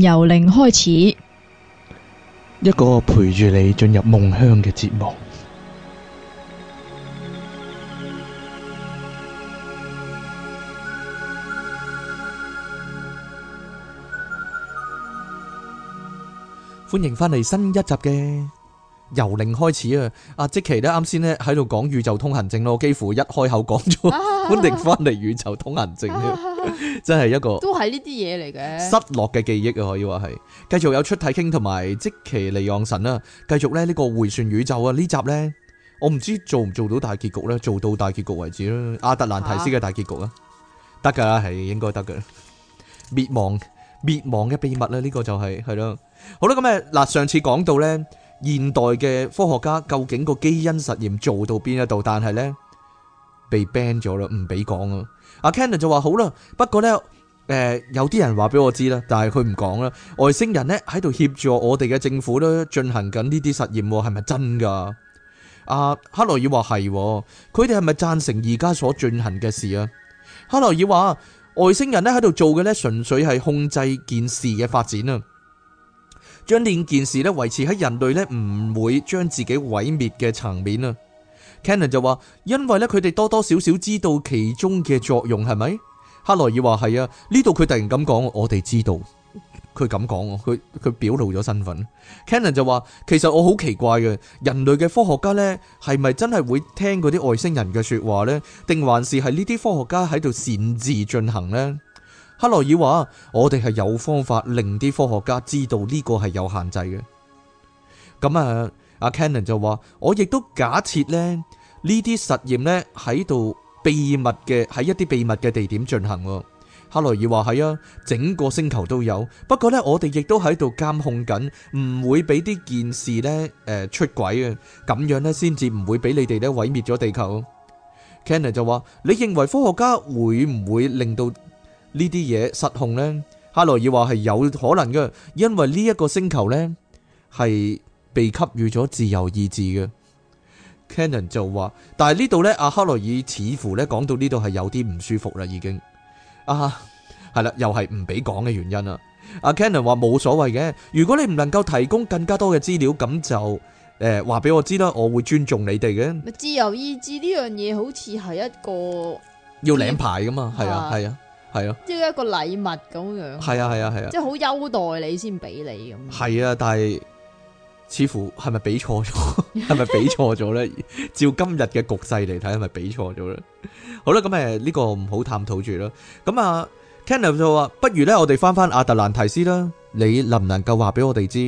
由零開始，一個陪住你進入夢鄉嘅節目。歡迎翻嚟新一集嘅由零開始啊！阿即奇咧，啱先咧喺度講宇宙通行證咯，幾乎一開口講咗，歡迎翻嚟宇宙通行證添。 真係一個都係呢啲嘢嚟嘅，失落嘅記憶啊，可以話係。繼續有出體傾同埋即其利昂神啦，繼續咧呢個回旋宇宙啊，集呢集咧我唔知做唔做到大結局咧，做到大結局為止啦。阿特蘭提斯嘅大結局啊，得噶啦，係應該得噶。滅亡滅亡嘅秘密啦，呢、呢個就係係咯。好啦，咁誒嗱，上次講到咧，現代嘅科學家究竟個基因實驗做到邊一度，但係咧被 ban 咗啦，唔俾講啊。阿 Kennan 就話，好啦，不過呢，誒、呃，有啲人話俾我知啦，但係佢唔講啦。外星人呢喺度協助我哋嘅政府咧進行緊呢啲實驗，係咪真㗎？阿克羅爾話係，佢哋係咪贊成而家所進行嘅事啊？克羅爾話外星人呢喺度做嘅呢純粹係控制件事嘅發展啊，將呢件事呢維持喺人類呢唔會將自己毀滅嘅層面啊。Cannon 就話，因為咧，佢哋多多少少知道其中嘅作用係咪？克羅爾話係啊，呢度佢突然咁講，我哋知道，佢咁講，佢佢表露咗身份。Cannon 就話，其實我好奇怪嘅，人類嘅科學家呢，係咪真係會聽嗰啲外星人嘅說話呢？定還是係呢啲科學家喺度擅自進行呢？克羅爾話，我哋係有方法令啲科學家知道呢個係有限制嘅。咁啊。阿 Cannon 就話：我亦都假設咧，呢啲實驗咧喺度秘密嘅，喺一啲秘密嘅地點進行。哈羅爾話：係啊，整個星球都有。不過呢，我哋亦都喺度監控緊，唔會俾啲件事呢誒、呃、出軌啊。咁樣呢，先至唔會俾你哋咧毀滅咗地球。Cannon 就話：你認為科學家會唔會令到呢啲嘢失控呢？哈羅爾話係有可能嘅，因為呢一個星球呢係，被給予咗自由意志嘅，Cannon 就話：但係呢度咧，阿克洛爾似乎咧講到呢度係有啲唔舒服啦，已經，啊，係啦，又係唔俾講嘅原因啦。阿 Cannon 話冇所謂嘅，如果你唔能夠提供更加多嘅資料，咁就誒話俾我知啦，我會尊重你哋嘅。自由意志呢樣嘢好似係一個要領牌噶嘛，係啊，係啊，係啊，啊即係一個禮物咁樣，係啊，係啊，係啊，即係好優待你先俾你咁。係啊，但係。似乎係咪俾錯咗？係咪俾錯咗呢？ 照今日嘅局勢嚟睇，係咪俾錯咗咧？ 好啦，咁誒呢個唔好探討住啦。咁啊 Cannon 就話：不如呢，我哋返返阿特蘭提斯啦。你能唔能夠話俾我哋知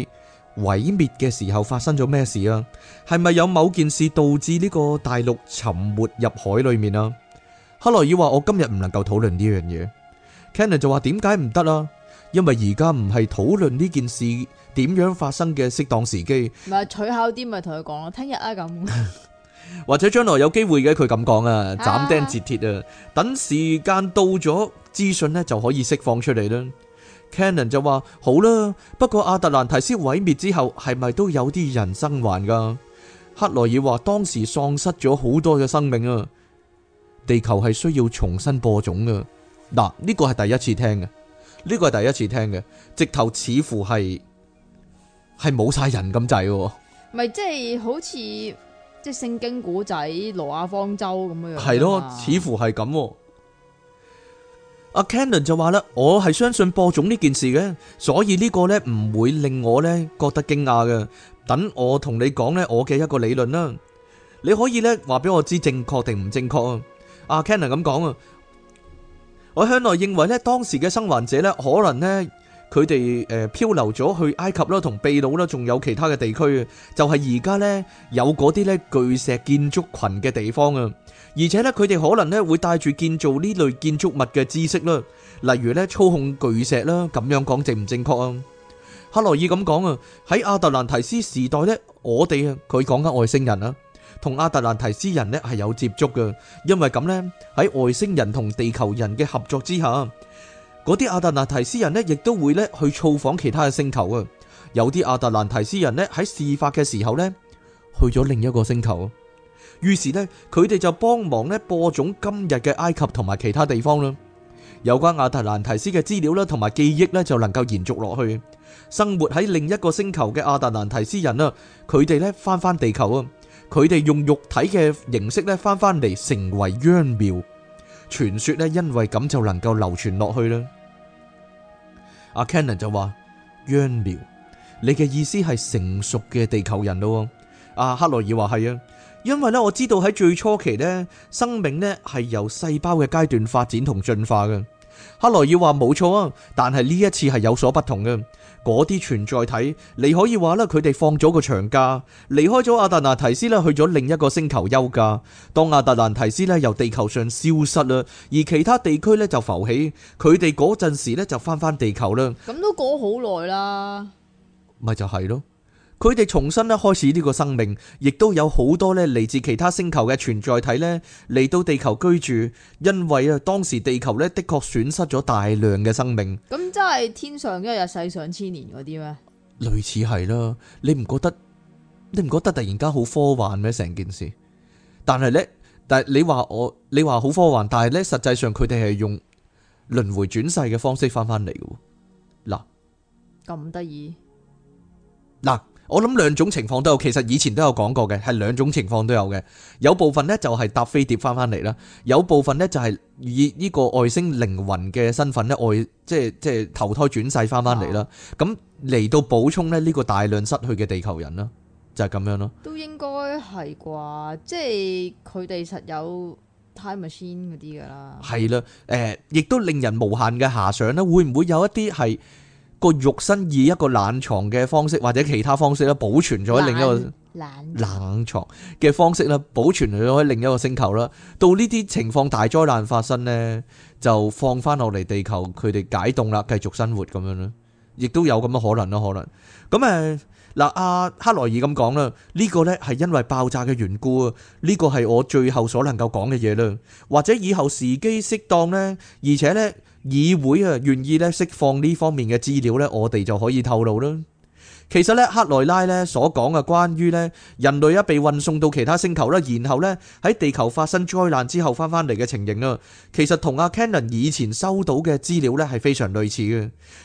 毀滅嘅時候發生咗咩事啊？係咪有某件事導致呢個大陸沉沒入海裡面啊？克萊爾話：我今日唔能夠討論呢樣嘢。Cannon 就話：點解唔得啊？因為而家唔係討論呢件事。點樣發生嘅適當時機？唔取巧啲，咪同佢講咯。聽日啊，咁 或者將來有機會嘅，佢咁講啊，斬釘截鐵啊。等時間到咗，資訊呢，就可以釋放出嚟啦。Cannon 就話好啦，不過阿特蘭提斯毀滅之後，係咪都有啲人生還噶？克萊爾話當時喪失咗好多嘅生命啊，地球係需要重新播種噶。嗱，呢個係第一次聽嘅，呢個係第一次聽嘅，直頭似乎係。係冇晒人咁滯喎，咪即係好似即係聖經古仔羅亞方舟咁樣樣，係咯，似乎係咁。阿 Kenan 就話啦，我係相信播種呢件事嘅，所以呢個咧唔會令我咧覺得驚訝嘅。等我同你講咧，我嘅一個理論啦，你可以咧話俾我知正確定唔正確啊。阿 Kenan 咁講啊，我向來認為咧，當時嘅生還者咧，可能咧。佢哋誒漂流咗去埃及啦、同秘魯啦，仲有其他嘅地區，就係而家咧有嗰啲咧巨石建築群嘅地方啊。而且咧，佢哋可能咧會帶住建造呢類建築物嘅知識啦，例如咧操控巨石啦。咁樣講正唔正確啊？哈羅爾咁講啊，喺亞特蘭提斯時代咧，我哋啊，佢講緊外星人啊，同亞特蘭提斯人咧係有接觸嘅。因為咁咧，喺外星人同地球人嘅合作之下。嗰啲亞特蘭提斯人咧，亦都會咧去造訪其他嘅星球啊！有啲亞特蘭提斯人咧喺事發嘅時候咧，去咗另一個星球，於是咧佢哋就幫忙咧播種今日嘅埃及同埋其他地方啦。有關亞特蘭提斯嘅資料啦，同埋記憶咧就能夠延續落去。生活喺另一個星球嘅亞特蘭提斯人啊，佢哋咧翻翻地球啊，佢哋用肉體嘅形式咧翻翻嚟，成為央廟。傳說咧，因為咁就能夠流傳落去啦。阿 Kennan 就話：秧苗，你嘅意思係成熟嘅地球人咯。阿、啊、克洛爾話係啊，因為咧，我知道喺最初期咧，生命咧係由細胞嘅階段發展同進化㗎。克萊爾話：冇錯啊，但係呢一次係有所不同嘅。嗰啲存在體，你可以話啦，佢哋放咗個長假，離開咗亞特蘭提斯啦，去咗另一個星球休假。當亞特蘭提斯咧由地球上消失啦，而其他地區咧就浮起，佢哋嗰陣時咧就翻翻地球啦。咁都過好耐啦，咪就係咯。佢哋重新咧開始呢個生命，亦都有好多呢嚟自其他星球嘅存在體呢嚟到地球居住，因為啊，當時地球呢，的確損失咗大量嘅生命。咁真係天上一日，世上千年嗰啲咩？類似係啦，你唔覺得？你唔覺得突然間好科幻咩？成件事，但係呢，但係你話我，你話好科幻，但係呢，實際上佢哋係用輪回轉世嘅方式翻返嚟嘅。嗱，咁得意，嗱。我諗兩種情況都有，其實以前都有講過嘅，係兩種情況都有嘅。有部分咧就係搭飛碟翻翻嚟啦，有部分咧就係以呢個外星靈魂嘅身份咧，外即係即係投胎轉世翻翻嚟啦。咁嚟到補充咧呢個大量失去嘅地球人啦，就係咁樣咯。都應該係啩，即係佢哋實有 Time Machine 嗰啲噶啦。係啦，誒，亦都令人無限嘅遐想啦。會唔會有一啲係？個肉身以一個冷藏嘅方式，或者其他方式咧，保存咗喺另一個懶 冷藏嘅方式咧，保存咗喺另一個星球啦。到呢啲情況大災難發生呢，就放翻落嚟地球，佢哋解凍啦，繼續生活咁樣啦，亦都有咁嘅可能啦，可能咁誒嗱阿克萊爾咁講啦，呢、呢個呢係因為爆炸嘅緣故啊，呢、呢個係我最後所能夠講嘅嘢啦，或者以後時機適當呢，而且呢。議會啊，願意咧釋放呢方面嘅資料呢，我哋就可以透露啦。其實呢，克萊拉呢所講嘅關於咧人類一被運送到其他星球啦，然後呢喺地球發生災難之後翻返嚟嘅情形啦，其實同阿 Cannon 以前收到嘅資料呢係非常類似嘅。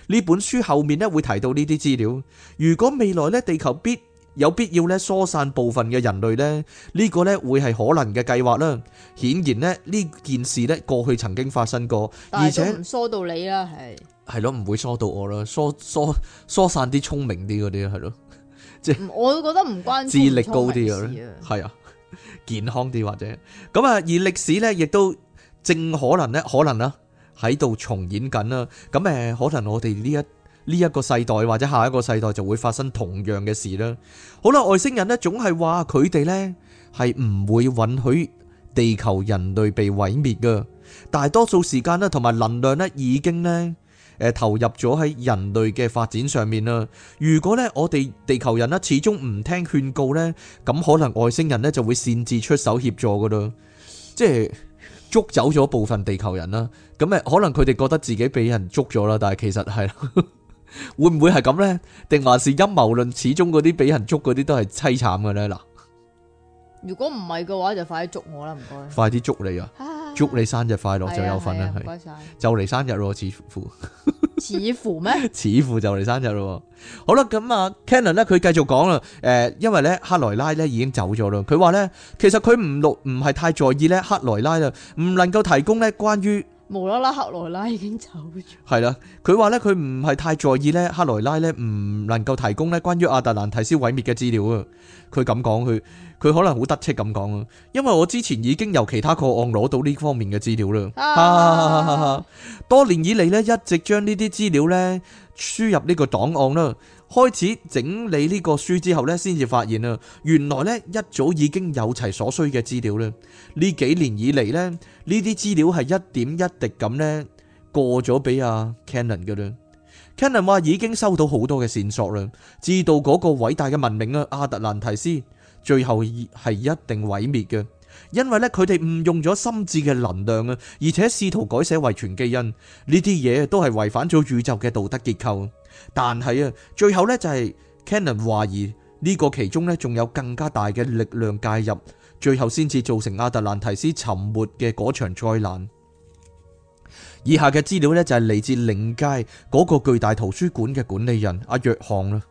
呢本書後面咧會提到呢啲資料。如果未來呢地球必有必要咧疏散部分嘅人類咧，呢個咧會係可能嘅計劃啦。顯然咧呢件事咧過去曾經發生過，而且唔疏到你啦，係係咯，唔會疏到我啦，疏疏疏散啲聰明啲嗰啲係咯，即係我覺得唔關智力高啲嘅，係啊，健康啲或者咁啊。而歷史咧亦都正可能咧，可能啦喺度重演緊啦。咁誒，可能我哋呢一呢一個世代或者下一個世代就會發生同樣嘅事啦。好啦，外星人呢總係話佢哋呢係唔會允許地球人類被毀滅噶。大多數時間呢同埋能量呢已經呢誒投入咗喺人類嘅發展上面啦。如果呢我哋地球人呢始終唔聽勸告呢，咁可能外星人呢就會擅自出手協助噶啦，即係捉走咗部分地球人啦。咁誒可能佢哋覺得自己俾人捉咗啦，但係其實係。 會唔會係咁咧？定還是陰謀論？始終嗰啲俾人捉嗰啲都係凄慘嘅咧。嗱，如果唔係嘅話，就快啲捉我啦，唔該。快啲捉你啊！捉 你生日快樂就有份啦，係、啊啊啊。唔該晒。就嚟生日咯，似乎。 似乎咩？似乎就嚟生日咯。好啦，咁啊，Cannon 咧，佢繼續講啦。誒，因為咧，克萊拉咧已經走咗啦。佢話咧，其實佢唔錄，唔係太在意咧。克萊拉啊，唔能夠提供咧關於。無啦啦，克萊拉已經走咗。係啦，佢話咧，佢唔係太在意咧，克萊拉咧唔能夠提供咧關於阿特蘭提斯毀滅嘅資料啊。佢咁講，佢佢可能好得戚咁講啊。因為我之前已經由其他個案攞到呢方面嘅資料啦。啊， 多年以嚟咧，一直將呢啲資料咧輸入呢個檔案啦。開始整理呢個書之後呢先至發現啊，原來呢一早已經有齊所需嘅資料啦。呢幾年以嚟呢，呢啲資料係一點一滴咁呢過咗俾阿 Cannon 嘅啦。Cannon 話已經收到好多嘅線索啦，知道嗰個偉大嘅文明啊，亞特蘭提斯最後係一定毀滅嘅，因為呢佢哋誤用咗心智嘅能量啊，而且試圖改寫遺傳基因，呢啲嘢都係違反咗宇宙嘅道德結構。但係啊，最後呢就係 Cannon 懷疑呢個其中呢仲有更加大嘅力量介入，最後先至造成阿特蘭提斯沉沒嘅嗰場災難。以下嘅資料呢，就係嚟自靈界嗰個巨大圖書館嘅管理人阿約翰啦，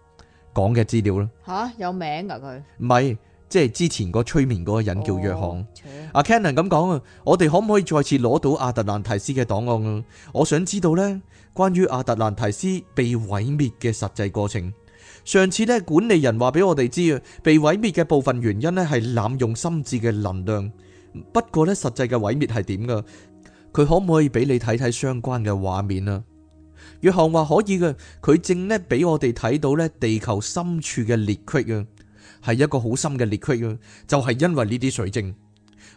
講嘅資料啦。吓、啊、有名啊佢？唔係，即係之前個催眠嗰個人叫約翰。阿 Cannon 咁講啊，我哋可唔可以再次攞到阿特蘭提斯嘅檔案啊？我想知道呢。關於阿特蘭提斯被毀滅嘅實際過程，上次咧管理人話俾我哋知啊，被毀滅嘅部分原因咧係濫用心智嘅能量。不過咧實際嘅毀滅係點噶？佢可唔可以俾你睇睇相關嘅畫面啊？約翰話可以嘅，佢正咧俾我哋睇到咧地球深處嘅裂隙啊，係一個好深嘅裂隙啊，就係因為呢啲水晶。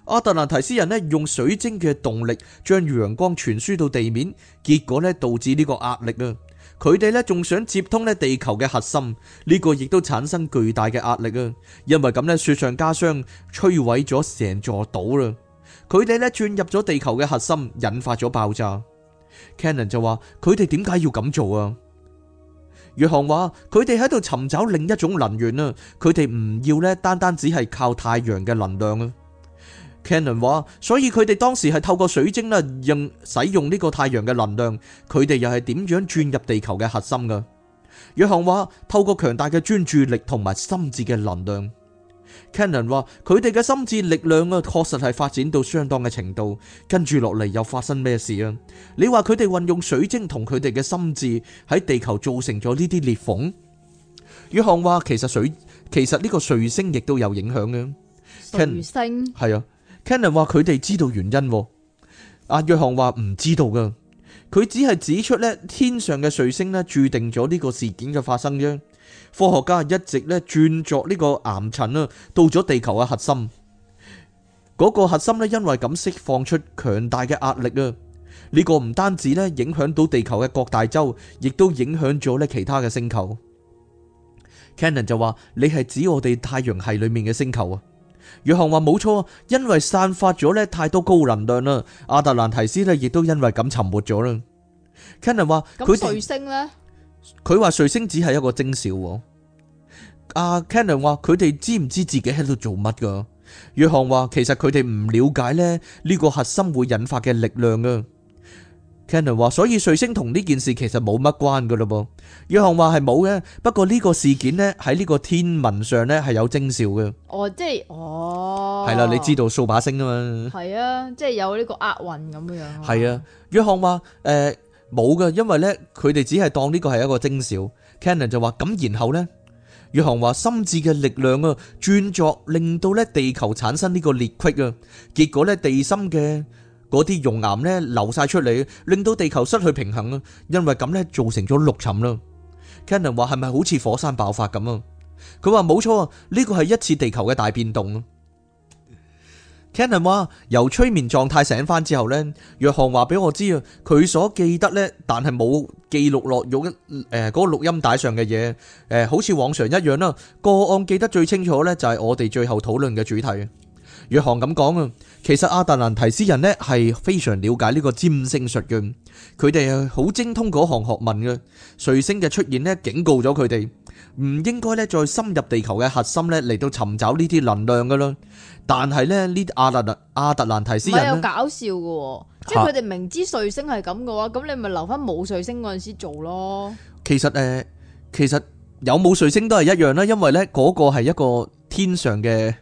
阿特蘭提斯人咧用水晶嘅動力將陽光傳輸到地面，結果咧導致呢個壓力啊。佢哋咧仲想接通咧地球嘅核心，呢、呢個亦都產生巨大嘅壓力啊。因為咁咧雪上加霜，摧毀咗成座島啦。佢哋咧鑽入咗地球嘅核心，引發咗爆炸。Cannon 就話：佢哋點解要咁做啊？約翰話：佢哋喺度尋找另一種能源啊。佢哋唔要咧單單只係靠太陽嘅能量啊。Canon 話，所以佢哋當時係透過水晶啦，用使用呢個太陽嘅能量，佢哋又係點樣轉入地球嘅核心噶？宇航話，透過強大嘅專注力同埋心智嘅能量。Canon 話，佢哋嘅心智力量啊，確實係發展到相當嘅程度。跟住落嚟又發生咩事啊？你話佢哋運用水晶同佢哋嘅心智喺地球造成咗呢啲裂縫？宇航話，其實水其實呢個彗星亦都有影響嘅。彗星？係啊。Cannon 話佢哋知道原因，阿約翰話唔知道噶，佢只係指出咧天上嘅彗星咧注定咗呢個事件嘅發生啫。科學家一直咧鑽作呢個岩層啦，到咗地球嘅核心，嗰、那個核心咧因為咁釋放出強大嘅壓力啊！呢、這個唔單止咧影響到地球嘅各大洲，亦都影響咗咧其他嘅星球。Cannon 就話：你係指我哋太陽系裏面嘅星球啊？約翰話冇錯，因為散發咗咧太多高能量啦，亞特蘭提斯咧亦都因為咁沉沒咗啦。Kenan 話佢瑞星咧，佢話瑞星只係一個徵兆。阿 Kenan 話佢哋知唔知自己喺度做乜噶？約翰話其實佢哋唔了解咧呢個核心會引發嘅力量啊。Kenner 話：所以彗星同呢件事其實冇乜關㗎咯噃。約翰話係冇嘅，不過呢個事件咧喺呢個天文上咧係有徵兆嘅。哦，即係，哦，係啦，你知道掃把星啊嘛？係啊，即係有呢個厄運咁樣。係啊，約翰話：誒冇㗎，因為咧佢哋只係當呢個係一個徵兆。Kenner 就話：咁然後咧，約翰話心智嘅力量啊，轉作令到咧地球產生呢個裂隙啊，結果咧地心嘅，嗰啲熔岩咧流晒出嚟，令到地球失去平衡啊！因為咁咧，造成咗陸沉啦。Cannon 話係咪好似火山爆發咁啊？佢話冇錯啊，呢個係一次地球嘅大變動啊。Cannon 話由催眠狀態醒返之後咧，約翰話俾我知啊，佢所記得咧，但係冇記錄落錄誒嗰個錄音帶上嘅嘢誒，好似往常一樣啦。個案記得最清楚咧，就係我哋最後討論嘅主題。約翰咁講啊，其實阿特蘭提斯人咧係非常了解呢個占星術嘅，佢哋係好精通嗰行學問嘅。彗星嘅出現咧，警告咗佢哋唔應該咧再深入地球嘅核心咧嚟到尋找呢啲能量噶啦。但係咧呢阿特蘭阿特蘭提斯人，唔係又搞笑嘅，即係佢哋明知彗星係咁嘅話，咁你咪留翻冇彗星嗰陣時做咯。其實誒，其實有冇彗星都係一樣啦，因為咧嗰個係一個天上嘅。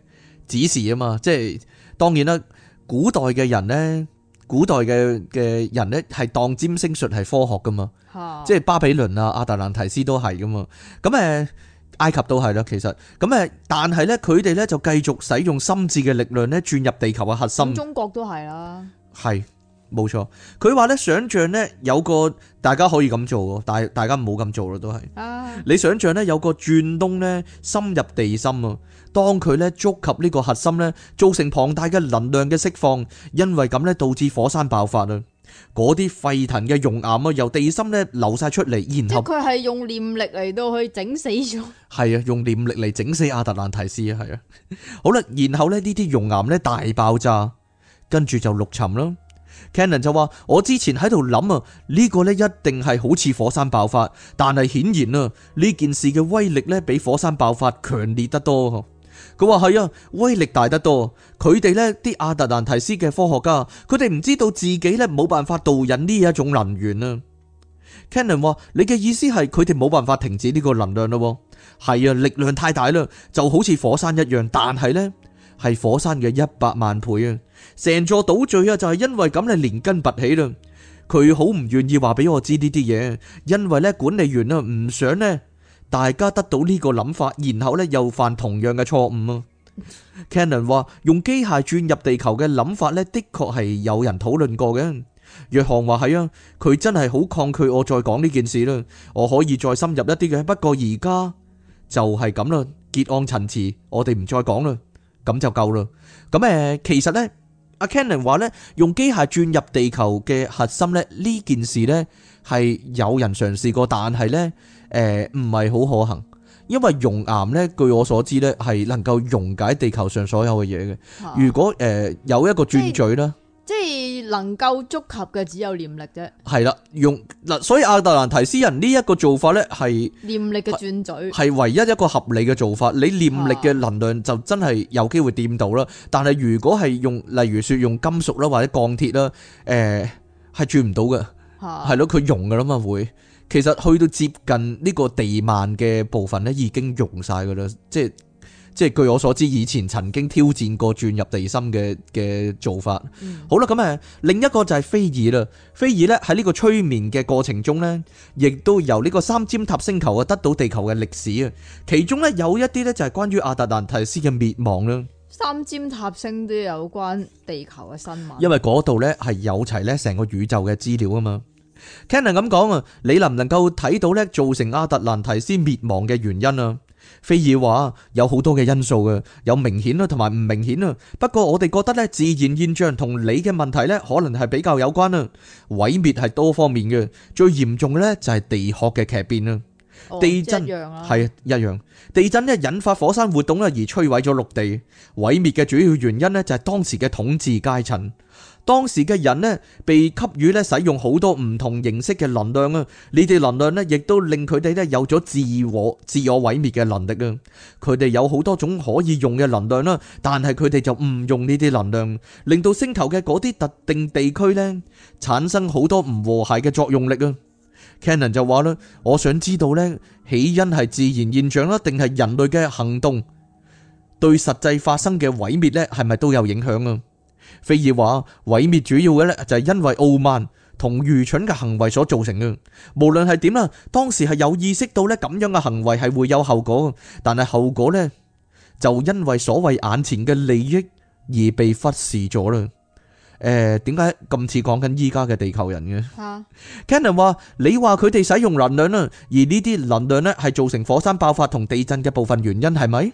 指示啊嘛，即係當然啦。古代嘅人呢，古代嘅嘅人呢，係當占星術係科學噶嘛，啊、即係巴比倫啊、亞特蘭提斯都係噶嘛，咁、嗯、誒埃及都係啦。其實咁誒，但係呢，佢哋呢，就繼續使用心智嘅力量呢，轉入地球嘅核心。嗯、中國都係啦，係冇錯。佢話呢，想象呢，有個大家可以咁做，但係大家唔好咁做啦，都係。啊、你想象呢，有個轉動呢，深入地心啊。當佢咧觸及呢個核心咧，造成龐大嘅能量嘅釋放，因為咁咧導致火山爆發啊！嗰啲沸騰嘅熔岩啊，由地心咧流晒出嚟，然後佢係用念力嚟到去整死咗，係啊，用念力嚟整死亞特蘭提斯啊，係啊，好啦，然後咧呢啲熔岩咧大爆炸，跟住就陸沉囉。Cannon 就話：我之前喺度諗啊，呢個咧一定係好似火山爆發，但係顯然啊，呢件事嘅威力咧比火山爆發強烈得多。佢話係啊，威力大得多。佢哋呢啲亞特蘭提斯嘅科學家，佢哋唔知道自己咧冇辦法導引呢一種能源啊。Cannon 話：你嘅意思係佢哋冇辦法停止呢個能量咯？係啊，力量太大啦，就好似火山一樣，但係呢，係火山嘅一百萬倍啊！成座島嶼啊，就係因為咁你連根拔起啦。佢好唔願意話俾我知呢啲嘢，因為呢管理員啊唔想呢。大家得到呢個諗法，然後呢又犯同樣嘅錯誤啊。Cannon 話用機械轉入地球嘅諗法呢，的確係有人討論過嘅。約翰話係啊，佢真係好抗拒我再講呢件事啦。我可以再深入一啲嘅，不過而家就係咁啦，結案陳詞，我哋唔再講啦，咁就夠啦。咁誒，其實呢，阿 Cannon 話呢，用機械轉入地球嘅核心呢，呢件事呢，係有人嘗試過，但係呢。誒，唔係好可行，因為熔岩咧，據我所知咧，係能夠溶解地球上所有嘅嘢嘅。啊、如果誒、呃、有一個轉嘴咧，即係能夠觸及嘅只有念力啫。係啦，用嗱，所以亞特蘭提斯人呢一個做法咧係念力嘅轉嘴，係唯一一個合理嘅做法。你念力嘅能量就真係有機會掂到啦。啊、但係如果係用，例如說用金屬啦或者鋼鐵啦，誒、呃、係轉唔到嘅，係咯，佢溶噶啦嘛會。啊其實去到接近呢個地幔嘅部分咧，已經融晒噶啦，即係即係據我所知，以前曾經挑戰過轉入地心嘅嘅做法。嗯、好啦，咁啊，另一個就係菲爾啦。菲爾咧喺呢個催眠嘅過程中呢，亦都由呢個三尖塔星球啊得到地球嘅歷史啊，其中咧有一啲呢，就係關於亞特蘭提斯嘅滅亡啦。三尖塔星都有關地球嘅新聞，因為嗰度呢係有齊咧成個宇宙嘅資料啊嘛。Cannon 咁講啊，你能唔能夠睇到咧，造成阿特蘭提斯滅亡嘅原因啊？菲爾話有好多嘅因素嘅，有明顯啦，同埋唔明顯啊。不過我哋覺得咧，自然現象同你嘅問題咧，可能係比較有關啊。毀滅係多方面嘅，最嚴重嘅咧就係地殼嘅劇變、哦、地震啊。地震係一樣，地震咧引發火山活動咧而摧毀咗陸地。毀滅嘅主要原因呢，就係當時嘅統治階層。當時嘅人咧，被給予咧使用好多唔同形式嘅能量啊！呢啲能量咧，亦都令佢哋咧有咗自我、自我毀滅嘅能力啊！佢哋有好多種可以用嘅能量啦，但係佢哋就唔用呢啲能量，令到星球嘅嗰啲特定地區咧產生好多唔和諧嘅作用力啊！Cannon 就話啦：我想知道咧起因係自然現象啦，定係人類嘅行動對實際發生嘅毀滅咧，係咪都有影響啊？菲爾話：毀滅主要嘅咧，就係因為傲慢同愚蠢嘅行為所造成嘅。無論係點啦，當時係有意識到咧，咁樣嘅行為係會有後果，但係後果咧就因為所謂眼前嘅利益而被忽視咗啦。誒，點解咁似講緊依家嘅地球人嘅？哈，Cannon 話：你話佢哋使用能量啦，而呢啲能量咧係造成火山爆發同地震嘅部分原因，係咪？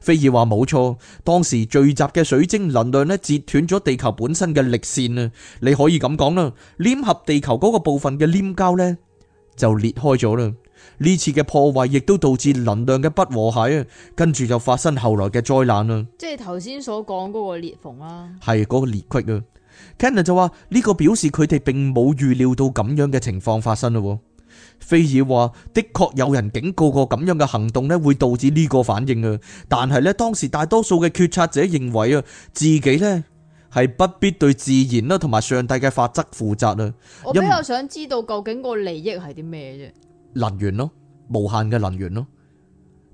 菲爾話，冇錯，當時聚集嘅水晶能量咧，截斷咗地球本身嘅力線啊！你可以咁講啦，黏合地球嗰個部分嘅黏膠呢，就裂開咗啦。呢次嘅破壞亦都導致能量嘅不和諧啊，跟住就發生後來嘅災難啦。即係頭先所講嗰個裂縫啦，啊，係嗰個裂隙啊。Cannon 就話呢個表示佢哋並冇預料到咁樣嘅情況發生咯。菲爾話：的確有人警告過咁樣嘅行動咧，會導致呢個反應啊。但係呢，當時大多數嘅決策者認為啊，自己呢係不必對自然啦同埋上帝嘅法則負責啊。我比較想知道究竟個利益係啲咩啫？能源咯，無限嘅能源咯。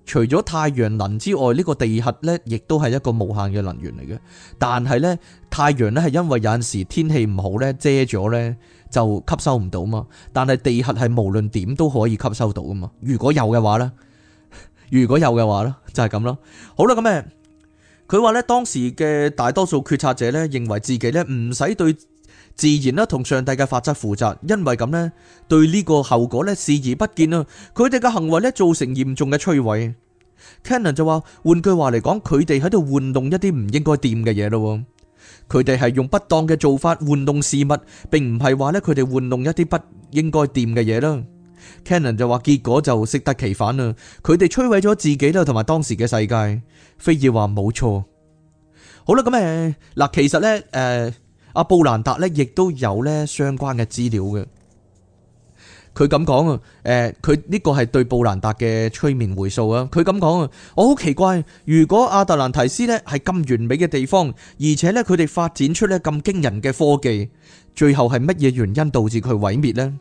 除咗太陽能之外，呢個地核呢亦都係一個無限嘅能源嚟嘅。但係呢，太陽呢係因為有陣時天氣唔好呢，遮咗呢。就吸收唔到嘛，但係地核係無論點都可以吸收到噶嘛。如果有嘅話咧，如果有嘅話咧，就係咁咯。好啦，咁咩？佢話咧，當時嘅大多數決策者咧，認為自己咧唔使對自然啦同上帝嘅法則負責，因為咁咧，對呢個後果咧視而不見啊。佢哋嘅行為咧造成嚴重嘅摧毀。Cannon 就話，換句話嚟講，佢哋喺度玩弄一啲唔應該掂嘅嘢咯。佢哋係用不當嘅做法玩弄事物，並唔係話咧佢哋玩弄一啲不應該掂嘅嘢啦。Cannon 就話，結果就適得其反啦，佢哋摧毀咗自己啦，同埋當時嘅世界。菲爾話冇錯。好啦，咁誒嗱，其實咧誒阿布蘭達咧亦都有咧相關嘅資料嘅。佢咁講啊，誒，佢、呃、呢個係對布蘭達嘅催眠回數啊。佢咁講啊，我、哦、好奇怪，如果亞特蘭提斯呢係咁完美嘅地方，而且呢，佢哋發展出呢咁驚人嘅科技，最後係乜嘢原因導致佢毀滅呢？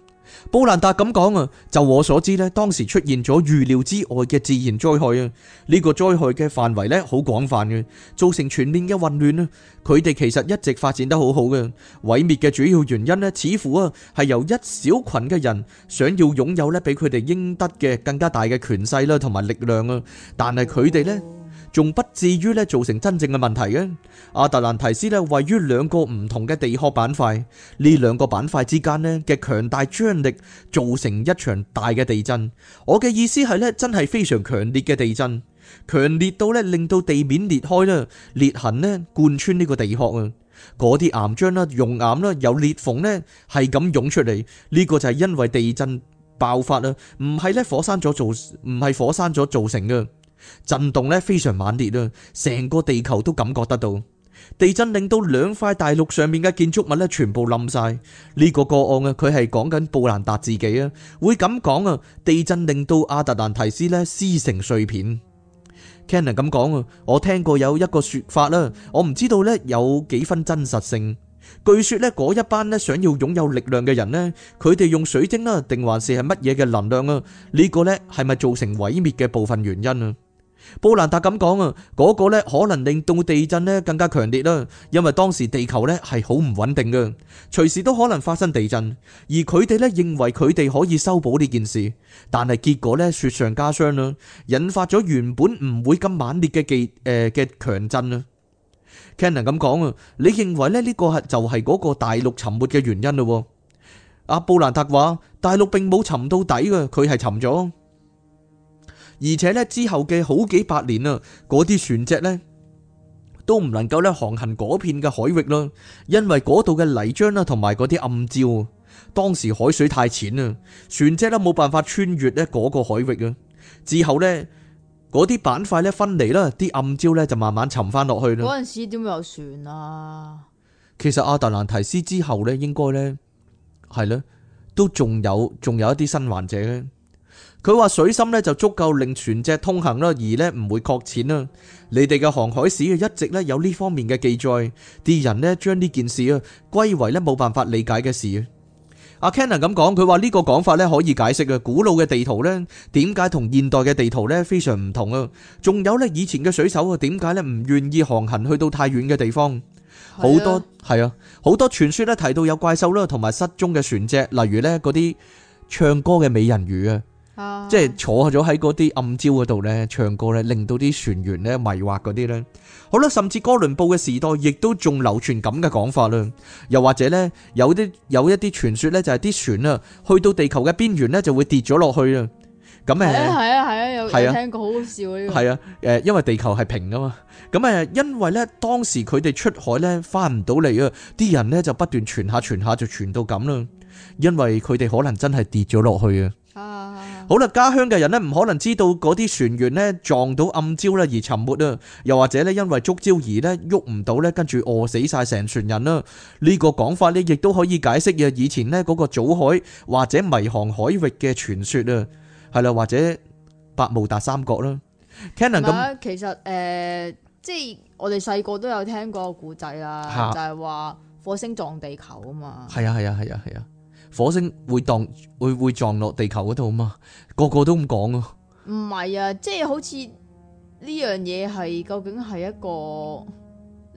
布蘭達咁講啊，就我所知呢，當時出現咗預料之外嘅自然災害啊，呢個災害嘅範圍呢，好廣泛嘅，造成全面嘅混亂啊。佢哋其實一直發展得好好嘅，毀滅嘅主要原因呢，似乎啊係由一小群嘅人想要擁有呢，比佢哋應得嘅更加大嘅權勢啦，同埋力量啊，但係佢哋呢。仲不至於咧，造成真正嘅問題嘅。亞特蘭提斯咧，位於兩個唔同嘅地殼板塊，呢兩個板塊之間咧嘅強大張力造成一場大嘅地震。我嘅意思係咧，真係非常強烈嘅地震，強烈到咧令到地面裂開啦，裂痕咧貫穿呢個地殼啊。嗰啲岩漿啦、熔岩啦有裂縫咧係咁湧出嚟，呢個就係因為地震爆發啦，唔係咧火山咗造，唔係火山咗造成嘅。震動咧非常猛烈啦，成個地球都感覺得到。地震令到兩塊大陸上面嘅建築物咧全部冧晒。呢個個案啊，佢係講緊布蘭達自己啊，會咁講啊。地震令到阿特蘭提斯咧撕成碎片。Cannon 咁講啊，我聽過有一個說法啦，我唔知道咧有幾分真實性。據說咧嗰一班咧想要擁有力量嘅人咧，佢哋用水晶啦，定還是係乜嘢嘅能量啊？呢個咧係咪造成毀滅嘅部分原因啊？布蘭達咁講啊，嗰個咧可能令到地震咧更加強烈啦，因為當時地球咧係好唔穩定嘅，隨時都可能發生地震。而佢哋咧認為佢哋可以修補呢件事，但係結果咧雪上加霜啦，引發咗原本唔會咁猛烈嘅記誒嘅強震啦。Cannon 咁講啊，你認為咧呢個係就係嗰個大陸沉沒嘅原因咯？阿布蘭達話，大陸並冇沉到底噶，佢係沉咗。而且咧，之後嘅好幾百年啊，嗰啲船隻呢都唔能夠咧航行嗰片嘅海域咯，因為嗰度嘅泥漿啦，同埋嗰啲暗礁，啊，當時海水太淺啊，船隻都冇辦法穿越呢嗰個海域啊。之後呢，嗰啲板塊呢分離啦，啲暗礁呢就慢慢沉翻落去啦。嗰陣時點有船啊？其實阿特蘭提斯之後呢，應該呢，係呢，都仲有仲有一啲新患者嘅。佢話水深咧就足夠令船隻通行啦，而咧唔會擱淺啊。你哋嘅航海史啊，一直咧有呢方面嘅記載。啲人咧將呢件事啊歸為咧冇辦法理解嘅事啊。阿 Cannon 咁講，佢話呢個講法咧可以解釋啊。古老嘅地圖咧點解同現代嘅地圖咧非常唔同啊？仲有咧以前嘅水手啊，點解咧唔願意航行去到太遠嘅地方？好多係啊，好多傳説咧提到有怪獸啦，同埋失蹤嘅船隻，例如咧嗰啲唱歌嘅美人魚啊。啊、即係坐咗喺嗰啲暗礁嗰度呢，唱歌呢，令到啲船員呢，迷惑嗰啲呢。好啦，甚至哥倫布嘅時代亦都仲流傳咁嘅講法啦。又或者呢，有啲有一啲傳說呢，就係啲船啊，去到地球嘅邊緣呢，就會跌咗落去啊。咁誒，係啊係啊，有係啊，啊聽過好好笑啊呢個係啊，誒、這個啊，因為地球係平噶嘛。咁誒，因為呢，當時佢哋出海呢，返唔到嚟啊，啲人呢，就不斷傳下傳下，就傳到咁啦。因為佢哋可能真係跌咗落去啊。好啦，家鄉嘅人呢，唔可能知道嗰啲船員呢，撞到暗礁咧而沉沒啊，又或者呢，因為觸礁而呢喐唔到呢，跟住餓死晒成船人啊！呢、這個講法呢，亦都可以解釋嘅以前呢，嗰個祖海或者迷航海域嘅傳說啊，係、mm hmm. 啦，或者百慕達三角啦。咁吧這樣 其實誒、呃，即係我哋細個都有聽過個古仔啊，哈就係話火星撞地球啊嘛。係啊係啊係啊係啊！火星會撞會會撞落地球嗰度嘛？個個都咁講啊。唔係啊，即係好似呢樣嘢係究竟係一個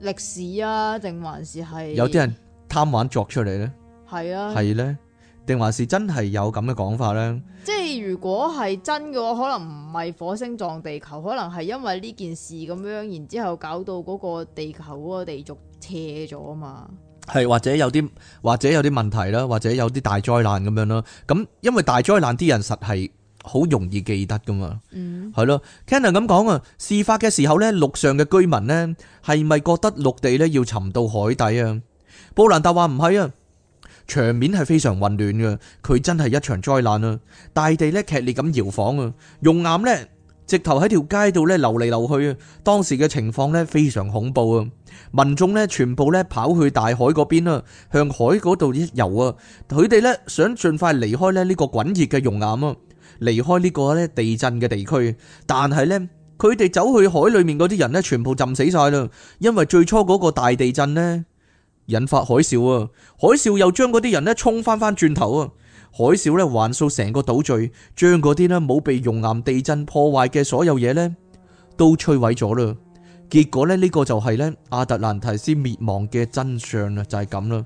歷史啊，定還是係？有啲人貪玩作出嚟咧。係啊。係咧？定還是真係有咁嘅講法咧？即係如果係真嘅話，可能唔係火星撞地球，可能係因為呢件事咁樣，然之後搞到嗰個地球嗰個地軸斜咗啊嘛。係或者有啲或者有啲問題啦，或者有啲大災難咁樣咯。咁因為大災難啲人實係好容易記得噶嘛，嗯，係咯。Cannon 咁講啊，事發嘅時候咧，陸上嘅居民咧係咪覺得陸地咧要沉到海底啊？布蘭達話唔係啊，場面係非常混亂嘅，佢真係一場災難啊！大地咧劇烈咁搖晃啊，熔岩咧直頭喺條街度咧流嚟流去啊！當時嘅情況咧非常恐怖啊！民眾咧全部咧跑去大海嗰邊啊，向海嗰度一游啊，佢哋咧想盡快離開咧呢個滾熱嘅熔岩啊，離開呢個咧地震嘅地區。但係呢，佢哋走去海裏面嗰啲人呢全部浸死晒啦，因為最初嗰個大地震呢，引發海嘯啊，海嘯又將嗰啲人咧沖翻翻轉頭啊，海嘯咧橫掃成個島嶼，將嗰啲咧冇被熔岩地震破壞嘅所有嘢呢，都摧毀咗啦。結果咧，呢個就係咧亞特蘭提斯滅亡嘅真相啦，就係咁啦。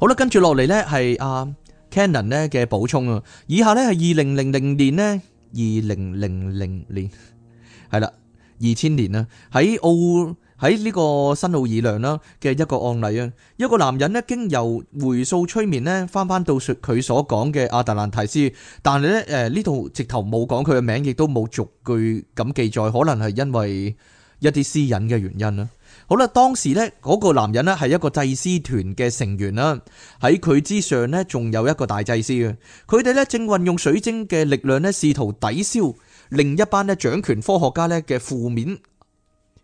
好啦，跟住落嚟咧係阿 Cannon 咧嘅補充啊。以下咧係二零零零年咧，二零零零年係啦，二千年啦。喺澳喺呢個新奧爾良啦嘅一個案例啊，一個男人咧經由回溯催眠咧翻翻到說佢所講嘅亞特蘭提斯，但係咧誒呢度直頭冇講佢嘅名，亦都冇逐句咁記載，可能係因為。一啲私隱嘅原因啦，好啦，當時呢嗰個男人呢係一個祭司團嘅成員啦，喺佢之上呢，仲有一個大祭司啊，佢哋呢正運用水晶嘅力量呢，試圖抵消另一班呢掌權科學家呢嘅負面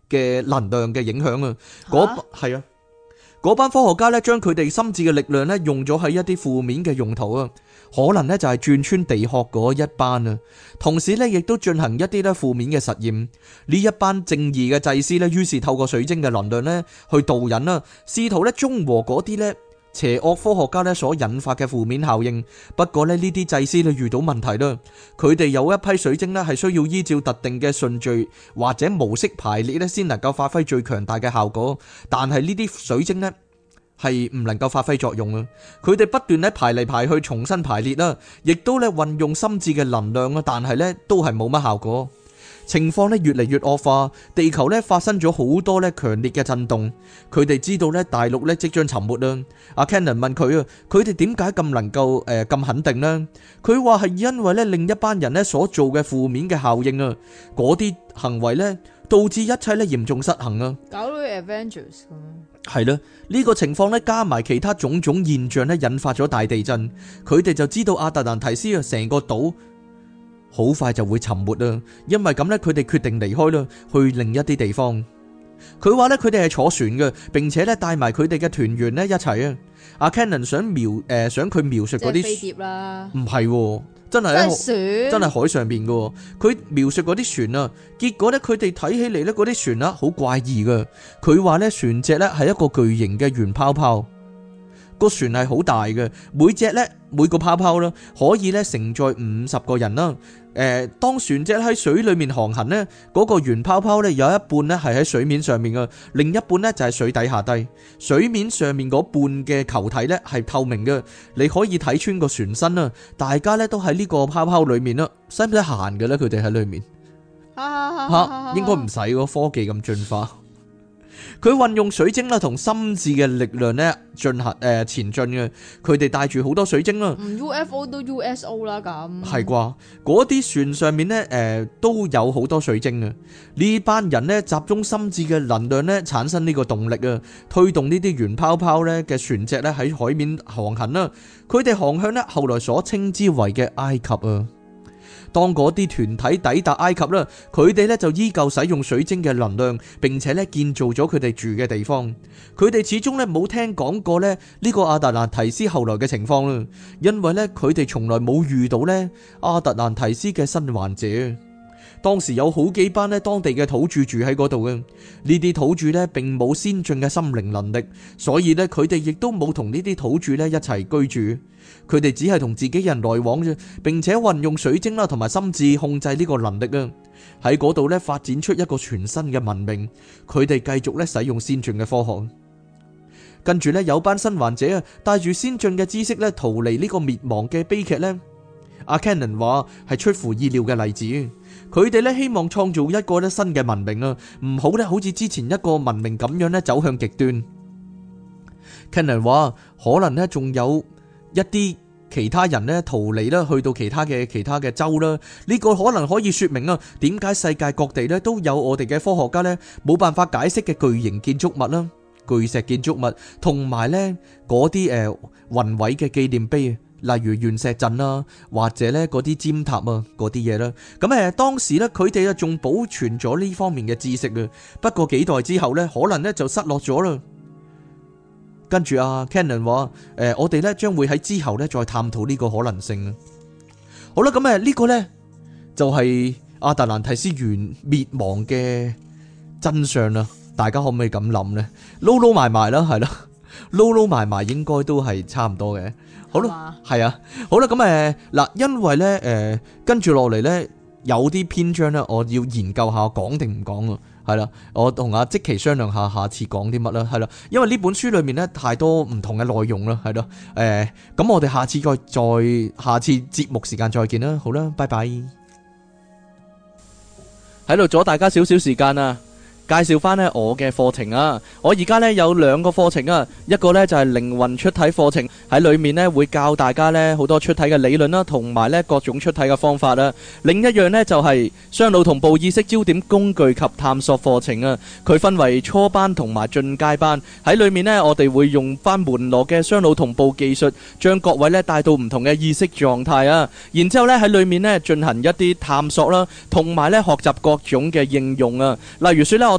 嘅能量嘅影響啊，嗰係啊，嗰班科學家呢，將佢哋心智嘅力量呢，用咗喺一啲負面嘅用途啊。可能呢，就係轉穿地殼嗰一班啊，同時呢，亦都進行一啲呢負面嘅實驗。呢一班正義嘅祭司呢，於是透過水晶嘅能量呢，去導引啦，試圖呢中和嗰啲呢邪惡科學家呢所引發嘅負面效應。不過呢，呢啲祭司呢，遇到問題啦，佢哋有一批水晶呢，係需要依照特定嘅順序或者模式排列呢，先能夠發揮最強大嘅效果。但係呢啲水晶呢。係唔能夠發揮作用啊！佢哋不斷咧排嚟排去，重新排列啦，亦都咧運用心智嘅能量啊，但係咧都係冇乜效果。情況咧越嚟越惡化，地球咧發生咗好多咧強烈嘅震動。佢哋知道咧大陸咧即將沉沒啦。阿 Kenan 問佢啊，佢哋點解咁能夠誒咁肯定咧？佢話係因為咧另一班人咧所做嘅負面嘅效應啊，嗰啲行為咧導致一切咧嚴重失衡啊！搞到 Avengers 咁。係啦，呢、這個情況咧加埋其他種種現象咧，引發咗大地震。佢哋就知道阿特蘭提斯啊，成個島好快就會沉沒啦。因為咁咧，佢哋決定離開啦，去另一啲地方。佢話咧，佢哋係坐船嘅，並且咧帶埋佢哋嘅團員咧一齊啊。阿 Cannon 想描誒、呃，想佢描述嗰啲，即係飛碟啦，唔係。真係海上邊嘅，佢描述嗰啲船啊，結果咧佢哋睇起嚟咧嗰啲船啊，好怪異嘅。佢話咧，船隻咧係一個巨型嘅圓泡泡。個船係好大嘅，每隻咧每個泡泡啦，可以咧承載五十個人啦。誒、呃，當船隻喺水裏面航行咧，嗰、那個圓泡泡咧有一半咧係喺水面上面嘅，另一半咧就喺水底下低。水面上面嗰半嘅球體咧係透明嘅，你可以睇穿個船身啊。大家咧都喺呢個泡泡裏面啦，使唔使行嘅咧？佢哋喺裏面，吓、 啊、應該唔使喎，科技咁進化。佢運用水晶啦，同心智嘅力量咧，進行誒前進嘅。佢哋帶住好多水晶啦，UFO 都 USO 啦咁。係啩？嗰啲船上面咧，誒、呃、都有好多水晶嘅。呢班人咧，集中心智嘅能量咧，產生呢個動力啊，推動呢啲圓泡泡咧嘅船隻咧喺海面航行啦。佢哋航向咧，後來所稱之為嘅埃及啊。當嗰啲團體抵達埃及啦，佢哋咧就依舊使用水晶嘅能量，並且咧建造咗佢哋住嘅地方。佢哋始終咧冇聽講過咧呢個阿特蘭提斯後來嘅情況啦，因為咧佢哋從來冇遇到咧阿特蘭提斯嘅新患者。當時有好幾班咧當地嘅土著住喺嗰度嘅，呢啲土著咧並冇先進嘅心靈能力，所以咧佢哋亦都冇同呢啲土著咧一齊居住。佢哋只係同自己人來往啫，並且運用水晶啦同埋心智控制呢個能力啊，喺嗰度咧發展出一個全新嘅文明。佢哋繼續咧使用先進嘅科學，跟住咧有班生還者啊，帶住先進嘅知識咧逃離呢個滅亡嘅悲劇咧。阿 Kenan 話係出乎意料嘅例子，佢哋咧希望創造一個咧新嘅文明啊，唔好咧好似之前一個文明咁樣咧走向極端。Kenan 話可能呢仲有。一啲其他人咧逃離啦，去到其他嘅其他嘅州啦，呢個可能可以説明啊，點解世界各地咧都有我哋嘅科學家咧冇辦法解釋嘅巨型建築物啦、巨石建築物，同埋咧嗰啲誒宏偉嘅紀念碑，例如圓石陣啦，或者咧嗰啲尖塔啊嗰啲嘢啦。咁誒當時咧佢哋啊仲保存咗呢方面嘅知識啊，不過幾代之後咧，可能咧就失落咗啦。跟住啊 Cannon 話：誒、呃，我哋咧將會喺之後咧再探討呢個可能性啊。好啦，咁誒呢個咧就係、是、阿達蘭提斯完滅亡嘅真相啦。大家可唔可以咁諗咧？撈撈埋埋啦，係啦，撈撈埋埋應該都係差唔多嘅。好啦，係吧啊，好啦，咁誒嗱，因為咧誒、呃、跟住落嚟咧有啲篇章咧，我要研究下講定唔講啊。係啦，我同阿積奇商量下，下次講啲乜啦？係啦，因為呢本書裏面咧太多唔同嘅內容啦，係咯，誒、呃，咁我哋下次再再下次節目時間再見啦，好啦，拜拜，喺度阻大家少少時間啊！介紹翻呢我嘅課程啊！我而家呢有兩個課程啊，一個呢就係靈魂出體課程，喺裏面呢會教大家呢好多出體嘅理論啦，同埋呢各種出體嘅方法啦。另一樣呢就係雙腦同步意識焦點工具及探索課程啊，佢分為初班同埋進階班。喺裏面呢，我哋會用翻門羅嘅雙腦同步技術，將各位呢帶到唔同嘅意識狀態啊。然之後呢喺裏面呢進行一啲探索啦，同埋呢學習各種嘅應用啊，例如説呢我。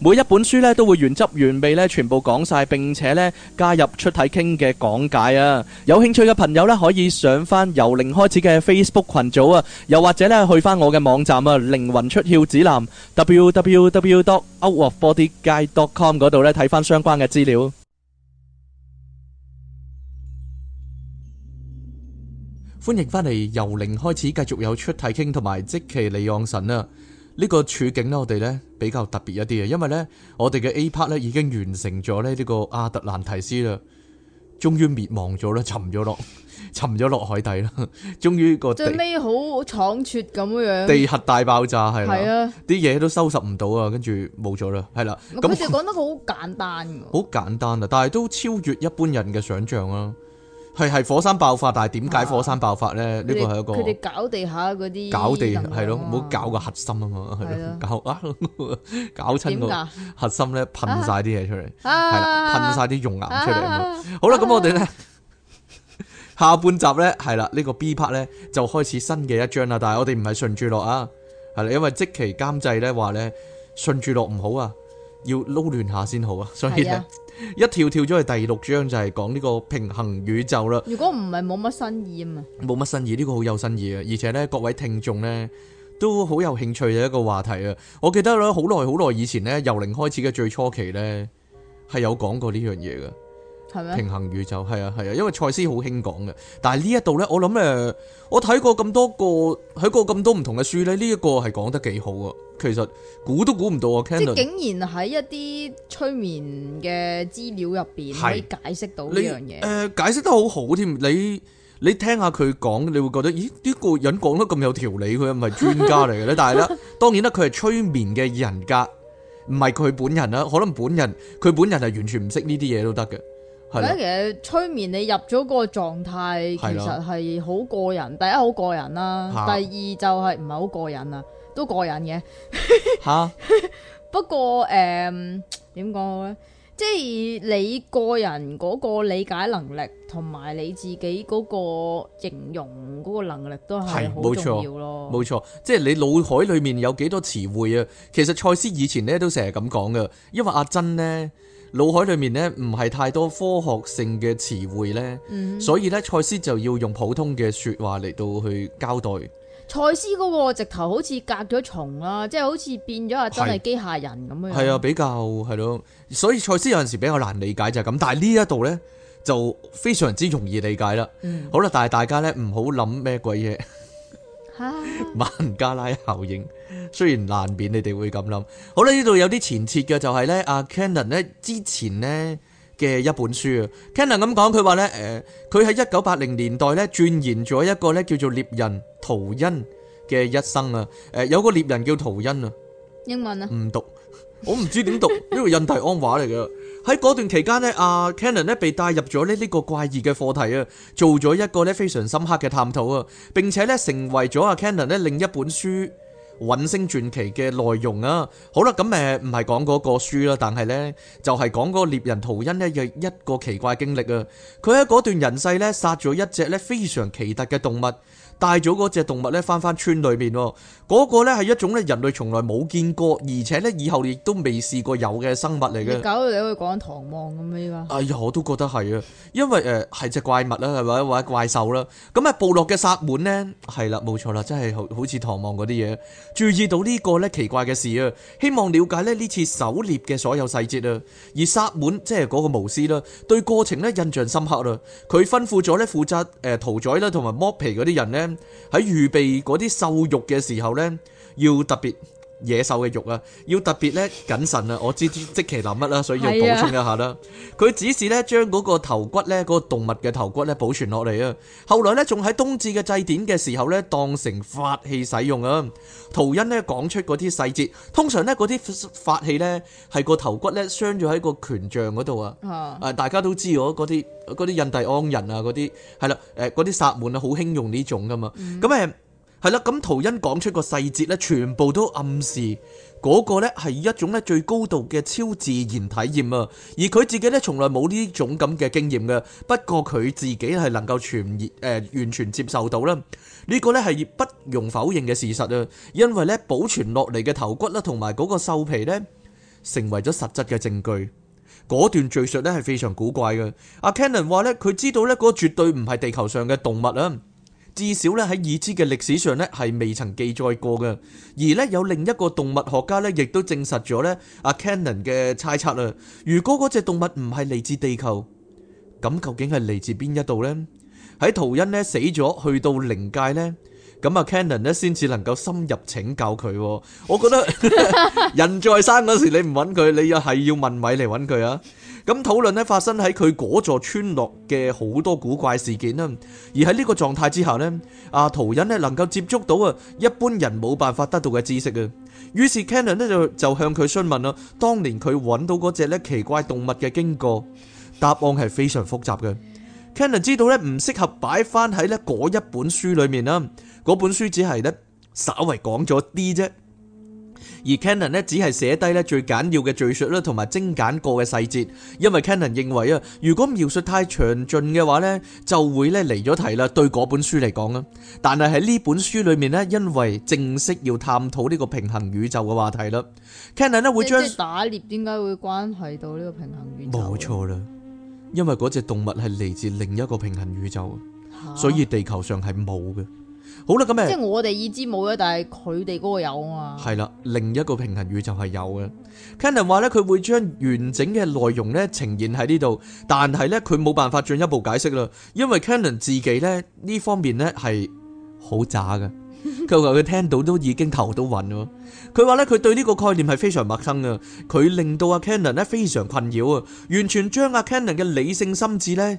每一本書咧都會原汁原味咧全部講晒，並且咧加入出體傾嘅講解啊！有興趣嘅朋友咧可以上翻由零開始嘅 Facebook 群組啊，又或者咧去翻我嘅網站啊靈魂出竅指南 www.outofbodyguide.com 嗰度咧睇翻相關嘅資料。歡迎翻嚟由零開始，繼續有出體傾同埋即其利用神啊！呢個處境咧，我哋咧比較特別一啲嘅，因為咧我哋嘅 A part 咧已經完成咗咧呢個阿特蘭提斯啦，終於滅亡咗啦，沉咗落沉咗落海底啦，終於個最尾好闖拙咁樣地核大爆炸係啦，啲嘢都收拾唔到啊，跟住冇咗啦，係啦，咁佢哋講得好簡單，好簡單啊，但係都超越一般人嘅想象啊。佢係火山爆發，但係點解火山爆發咧？呢個係一個佢哋搞地下嗰啲，啊、搞地係咯，唔好搞個核心啊嘛，係咯，了搞啊， 搞親個核心咧，噴晒啲嘢，出嚟，係啦，啊，噴晒啲熔岩出嚟。啊啊啊，好啦，咁我哋咧，啊、 下半集咧係啦，呢，呢個 B part 咧就開始新嘅一章啦。但係我哋唔係順住落啊，係啦，因為即期監製咧話咧順住落唔好啊，要撈亂下先好啊，所以咧。一跳跳咗去第六章就係講呢個平衡宇宙啦。如果唔係冇乜新意啊嘛。冇乜新意，呢個好有新意啊！而且呢，各位聽眾呢，都好有興趣嘅一個話題啊！我記得咧，好耐好耐以前呢，由零開始嘅最初期呢，係有講過呢樣嘢噶。係咩？平衡宇宙係啊係啊，因為賽斯好興講嘅。但係呢一度呢，我諗咧，我睇過咁多個睇過咁多唔同嘅書呢，呢一個係講得幾好啊。其實估都估唔到啊！即係是 Canon, 竟然喺一啲催眠嘅資料入邊可以解釋到呢樣嘢。誒、呃，解釋得好好添。你你聽下佢講，你會覺得咦？呢、這個人講得咁有條理，佢又唔係專家嚟嘅咧。 但係咧，當然啦，佢係催眠嘅人格，唔係佢本人啦。可能本人佢本人係完全唔識呢啲嘢都得嘅。係啦，其實催眠你入咗個狀態，的其實係好過癮。第一好過癮啦，的第二就係唔係好過癮啊。都個人嘅吓 哈，不過誒，點講咧？即係你個人嗰個理解能力，同埋你自己嗰個形容嗰個能力都係好重要冇錯，錯咯即係你腦海裏面有幾多詞彙啊？其實賽斯以前咧都成日咁講噶，因為阿珍呢腦海裏面咧唔係太多科學性嘅詞彙咧，嗯、所以咧賽斯就要用普通嘅說話嚟到去交代。蔡斯嗰個直頭好似隔咗重啊，即係好似變咗啊，真係機械人咁樣。係啊，比較係咯，所以賽斯有陣時比較難理解就係咁，但係呢一度咧就非常之容易理解啦。嗯、好啦，但係大家咧唔好諗咩鬼嘢曼德拉效應，雖然難免你哋會咁諗。好啦，呢度有啲前設嘅就係、是、咧，阿 Canon 咧之前咧。嘅一本書啊，Cannon 咁講，佢話咧，誒，佢喺一九八零年代咧，鑽研咗一個咧叫做獵人陶恩嘅一生啊，誒，有個獵人叫陶恩啊，英文啊，唔讀，我唔知點讀，呢個印第安話嚟嘅。喺嗰段期間咧，阿 Cannon 咧被帶入咗咧呢個怪異嘅課題啊，做咗一個咧非常深刻嘅探討啊，並且咧成為咗阿 Cannon 咧另一本書。《韻星傳奇》嘅內容啊，好啦，咁誒唔係講嗰個書啦，但係呢就係講嗰個獵人圖恩嘅一個奇怪經歷啊，佢喺嗰段人世呢殺咗一隻咧非常奇特嘅動物。帶咗嗰隻動物咧翻翻村裏面咯，嗰個咧係一種咧人類從來冇見過，而且咧以後亦都未試過有嘅生物嚟嘅。搞到你都可以講緊唐望咁啊，依家。哎呀，我都覺得係啊，因為誒係隻怪物啦，係咪或者怪獸啦？咁啊部落嘅薩滿咧係啦，冇錯啦，真係好好似唐望嗰啲嘢，注意到呢個咧奇怪嘅事啊，希望了解咧呢次狩獵嘅所有細節啊。而薩滿即係嗰個巫師啦，對過程咧印象深刻啦。佢吩咐咗咧負責誒屠宰啦同埋剝皮嗰啲人咧，喺預備嗰啲瘦肉嘅時候咧，要特別。野獸嘅肉啊，要特別咧謹慎啊！ 我知知即其諗乜啦，所以要補充一下啦。佢只是咧將嗰個頭骨咧，嗰、嗰個動物嘅頭骨咧保存落嚟啊。後來咧仲喺冬至嘅祭典嘅時候咧，當成法器使用啊。陶恩呢，講出嗰啲細節，通常咧嗰啲法器咧係個頭骨咧鑲咗喺個權杖嗰度啊。啊！嗯、大家都知我嗰啲嗰啲印第安人啊，嗰啲係啦，誒嗰啲薩滿啊，好興用呢種噶嘛。咁誒。係啦，咁陶恩講出個細節咧，全部都暗示嗰個咧係一種咧最高度嘅超自然體驗啊，而佢自己咧從來冇呢種咁嘅經驗嘅，不過佢自己係能夠全、呃、完全接受到啦，呢個咧係不容否認嘅事實啊，因為咧保存落嚟嘅頭骨啦，同埋嗰個獸皮咧，成為咗實質嘅證據，嗰段敘述咧係非常古怪嘅。阿 Cannon 話咧，佢知道咧嗰個絕對唔係地球上嘅動物啊。至少咧喺已知嘅歷史上咧係未曾記載過嘅，而咧有另一個動物學家咧亦都證實咗咧阿 Cannon 嘅猜測啦。如果嗰隻動物唔係嚟自地球，咁究竟係嚟自邊一度呢？喺圖恩咧死咗，去到靈界呢？咁啊，Canon 咧先至能夠深入請教佢，我覺得人在生嗰時，你唔揾佢，你又係要問米嚟揾佢啊！咁討論咧發生喺佢嗰座村落嘅好多古怪事件啦。而喺呢個狀態之下咧，阿陶恩咧能夠接觸到啊一般人冇辦法得到嘅知識啊。於是 Canon 咧就就向佢詢問啊，當年佢揾到嗰隻咧奇怪動物嘅經過，答案係非常複雜嘅。Canon 知道咧，唔適合擺返喺咧嗰一本書裡面啦。嗰本書只係咧稍微講咗啲啫，而，而 Canon 呢只係寫低咧最簡要嘅敘述啦，同埋精簡過嘅細節，因為 Canon 認為啊，如果描述太詳盡嘅話呢，就會咧離咗題啦，對嗰本書嚟講啊。但係喺呢本書裏面呢，因為正式要探討呢個平行宇宙嘅話題啦，Canon 咧會將打獵點解會關係到呢個平行宇宙？冇錯啦，因為嗰隻動物係嚟自另一個平行宇宙，所以地球上係冇嘅。好啦，咁誒，即係我哋已知冇嘅，但係佢哋嗰個有啊嘛。係啦，另一個平行宇宙就係有嘅。Cannon 話咧，佢會將完整嘅內容咧呈現喺呢度，但係咧佢冇辦法進一步解釋啦，因為 Cannon 自己咧呢方面咧係好渣嘅。佢話佢聽到都已經頭都暈咯。佢話咧，佢對呢個概念係非常陌生嘅，佢令到阿 Cannon 咧非常困擾啊，完全將阿 Cannon 嘅理性心智咧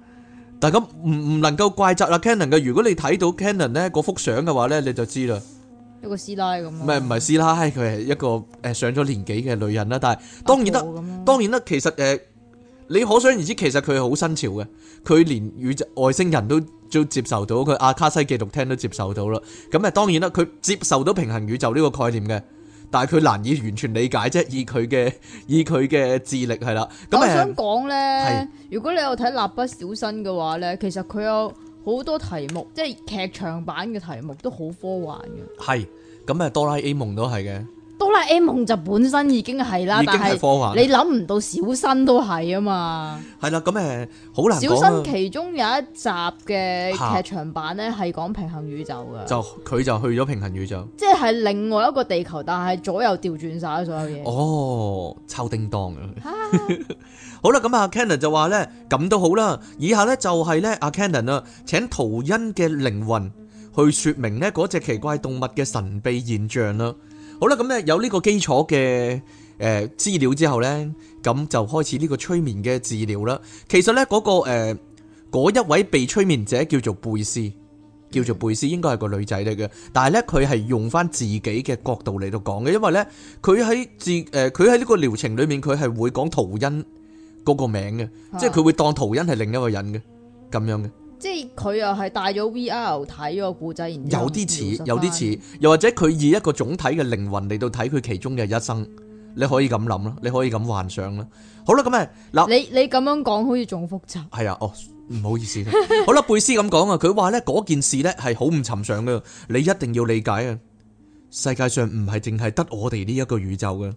但咁唔唔能夠怪責啦，Canon 嘅。如果你睇到 Canon 咧嗰幅相嘅話咧，你就知啦。一個師奶咁樣。唔係唔係師奶，佢係一個誒上咗年紀嘅女人啦。但係當然啦，當然啦。其實誒、呃，你可想而知，其實佢係好新潮嘅。佢連宇宙外星人都都接受到，佢阿卡西記錄聽都接受到啦。咁誒，當然啦，佢接受到平行宇宙呢個概念嘅。但係佢難以完全理解啫，以佢嘅以佢嘅智力係啦。咁我想講咧，係嘅。如果你有睇《蠟筆小新》嘅話咧，其實佢有好多題目，即係劇場版嘅題目都好科幻嘅。係，咁啊，哆啦 A 夢都係嘅。哆啦 A 夢就本身已經係啦，科幻，但係你諗唔到小新都係啊嘛。係啦，咁誒好難。小新其中有一集嘅劇場版咧，係講平行宇宙嘅啊。就佢就去咗平行宇宙，即係另外一個地球，但係左右調轉晒所有嘢。哦，抽叮當啊！ 好啦，咁啊，Cannon 就話咧，咁都好啦，以下咧就係咧，阿 Cannon 啊，請陶恩嘅靈魂去説明咧嗰隻奇怪動物嘅神秘現象啦。好啦，咁咧有呢個基礎嘅誒資料之後呢，咁就開始呢個催眠嘅治療啦。其實呢，嗰、嗰個誒嗰、呃、一位被催眠者叫做貝斯，叫做貝斯，應該係個女仔嚟嘅。但係呢，佢係用返自己嘅角度嚟到講嘅，因為呢，佢喺自誒佢喺呢個療程裏面，佢係會講陶恩嗰個名嘅，啊、即係佢會當陶恩係另一個人嘅咁樣嘅。即係佢又係帶咗 VR 睇個故仔，然有啲似，有啲似，又或者佢以一個總體嘅靈魂嚟到睇佢其中嘅一生，你可以咁諗啦，你可以咁幻想啦。好啦，咁啊嗱，你你咁樣講好似仲複雜。係啊，哦唔好意思。好啦， 貝斯咁講啊，佢話咧嗰件事咧係好唔尋常嘅，你一定要理解啊。世界上唔係淨係得我哋呢一個宇宙嘅，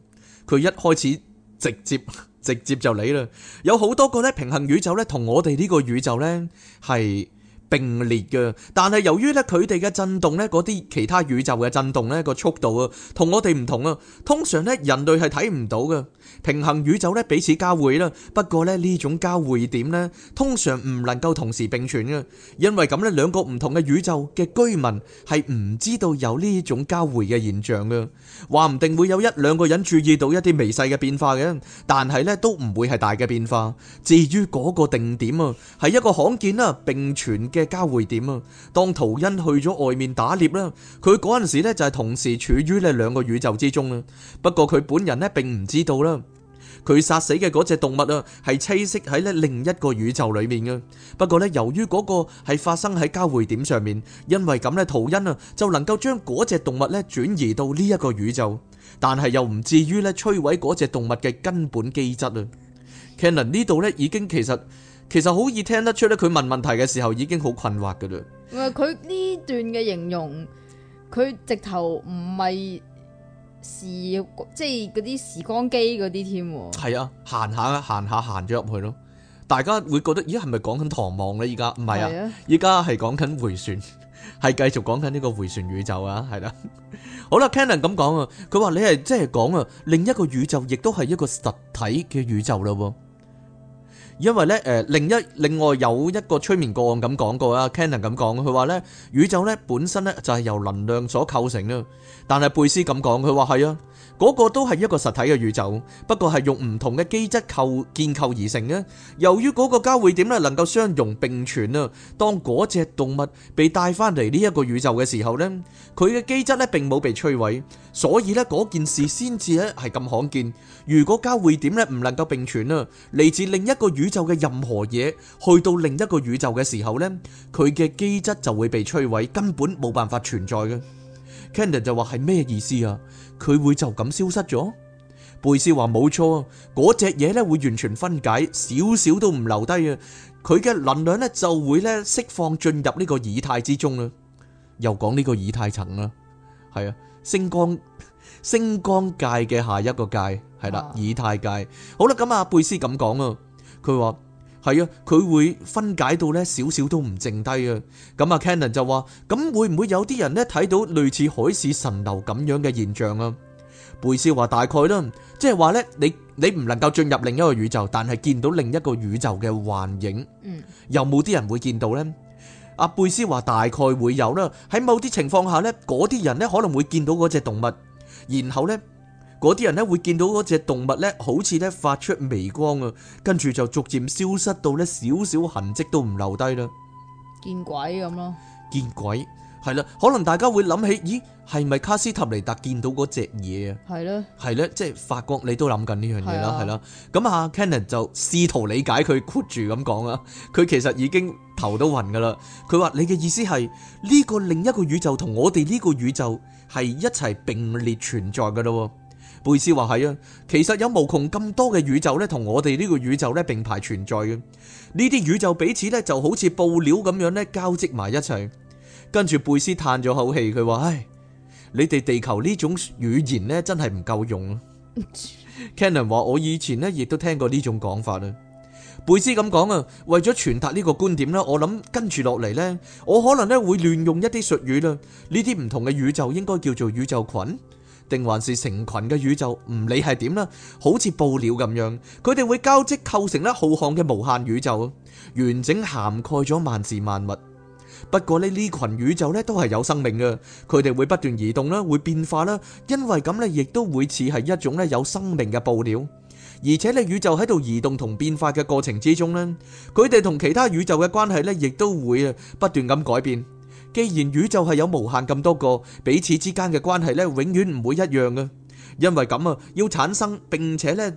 佢一開始直接。直接就你啦，有好多個咧平行宇宙咧，同我哋呢個宇宙咧係，並列嘅，但係由於咧佢哋嘅震動咧，嗰啲其他宇宙嘅震動咧個速度啊，同我哋唔同啊。通常咧人類係睇唔到嘅。平行宇宙咧彼此交匯啦，不過咧呢種交匯點咧，通常唔能夠同時並存嘅，因為咁咧兩個唔同嘅宇宙嘅居民係唔知道有呢種交匯嘅現象嘅。話唔定會有一兩個人注意到一啲微細嘅變化嘅，但係咧都唔會係大嘅變化。至於嗰個定點啊，係一個罕見啦並存嘅。交匯點啊，當陶恩去咗外面打獵啦，佢嗰陣時咧就係同時處於咧兩個宇宙之中啦。不過佢本人咧並唔知道啦，佢殺死嘅嗰隻動物啊係棲息喺咧另一個宇宙裏面嘅。不過咧由於嗰個係發生喺交匯點上面，因為咁咧陶恩啊就能夠將嗰隻動物咧轉移到呢一個宇宙，但係又唔至於咧摧毀嗰隻動物嘅根本基質啊。Cannon 呢度咧已經其實。其實好易聽得出咧，佢問問題嘅時候已經好困惑噶啦。唔係佢呢段嘅形容，佢直頭唔係時，即係啲時光機嗰啲添。係啊，行下啊，行下行咗入去咯。大家會覺得，咦，係咪講緊唐望咧？依家唔係啊，依家係講緊回旋，係繼續講緊呢個回旋宇宙啊。係啦， 好啦 c a n o n 咁講啊，佢話你係即係講啊，另一個宇宙亦都係一個實體嘅宇宙啦。因為咧，誒另一另外有一個催眠個案咁講過啊。Cannon 咁講，佢話咧宇宙咧本身咧就係由能量所構成啊。但係貝斯咁講，佢話係啊。嗰個都係一個實體嘅宇宙，不過係用唔同嘅機質構建構而成嘅。由於嗰個交匯點咧能夠相容並存啦，當嗰隻動物被帶翻嚟呢一個宇宙嘅時候咧，佢嘅機質咧並冇被摧毀，所以咧嗰件事先至咧係咁罕見。如果交匯點咧唔能夠並存啦，嚟自另一個宇宙嘅任何嘢，去到另一個宇宙嘅時候咧，佢嘅機質就會被摧毀，根本冇辦法存在嘅。Candor 就話係咩意思啊？佢會就咁消失咗？貝斯話冇錯啊，嗰隻嘢咧會完全分解，少少都唔留低啊！佢嘅能量咧就會咧釋放進入呢個以太之中啦。又講呢個以太層啦，係啊，星光星光界嘅下一個界係啦，以太界。好啦，咁啊，貝斯咁講啊，佢話。係啊，佢會分解到呢，少少都唔剩低啊。咁啊，Cannon 就話：咁會唔會有啲人呢睇到類似海市蜃樓咁樣嘅現象啊？貝斯話：大概啦，即係話呢，你你唔能夠進入另一個宇宙，但係見到另一個宇宙嘅幻影。嗯。有冇啲人會見到呢？阿貝斯話：大概會有啦。喺某啲情況下呢，嗰啲人呢可能會見到嗰隻動物，然後呢。嗰啲人咧會見到嗰隻動物咧，好似咧發出微光啊，跟住就逐漸消失到咧，少少痕迹都唔留低啦。見鬼咁咯，見鬼係啦，可能大家會諗起，咦，係咪卡斯塔尼達見到嗰隻嘢啊？係咯的，係咧，即係法國你都諗緊呢樣嘢啦，係啦的。咁啊 Cannon 就試圖理解佢括住咁講啊，佢其實已經頭都暈噶啦。佢話你嘅意思係呢個另一個宇宙同我哋呢個宇宙係一齊並列存在噶咯。貝斯話係啊，其實有無窮咁多嘅宇宙咧，同我哋呢個宇宙咧並排存在嘅。呢啲宇宙彼此咧就好似布料咁樣咧交織埋一齊。跟住貝斯嘆咗口氣，佢話：唉，你哋地球呢種語言咧真係唔夠用啊。Cannon 話：我以前咧亦都聽過呢種講法啦。貝斯咁講啊，為咗傳達呢個觀點咧，我諗跟住落嚟咧，我可能咧會亂用一啲術語啦。呢啲唔同嘅宇宙應該叫做宇宙群，定還是成群嘅宇宙，唔理係點啦，好似布料咁樣，佢哋會交織構成咧浩瀚嘅無限宇宙，完整涵蓋咗萬事萬物。不過咧呢群宇宙咧都係有生命嘅，佢哋會不斷移動啦，會變化啦，因為咁咧亦都會似係一種咧有生命嘅布料，而且咧宇宙喺度移動同變化嘅過程之中咧，佢哋同其他宇宙嘅關係咧亦都會不斷咁改變。既然宇宙係有無限咁多個彼此之間嘅關係咧，永遠唔會一樣嘅，因為咁啊，要產生並且咧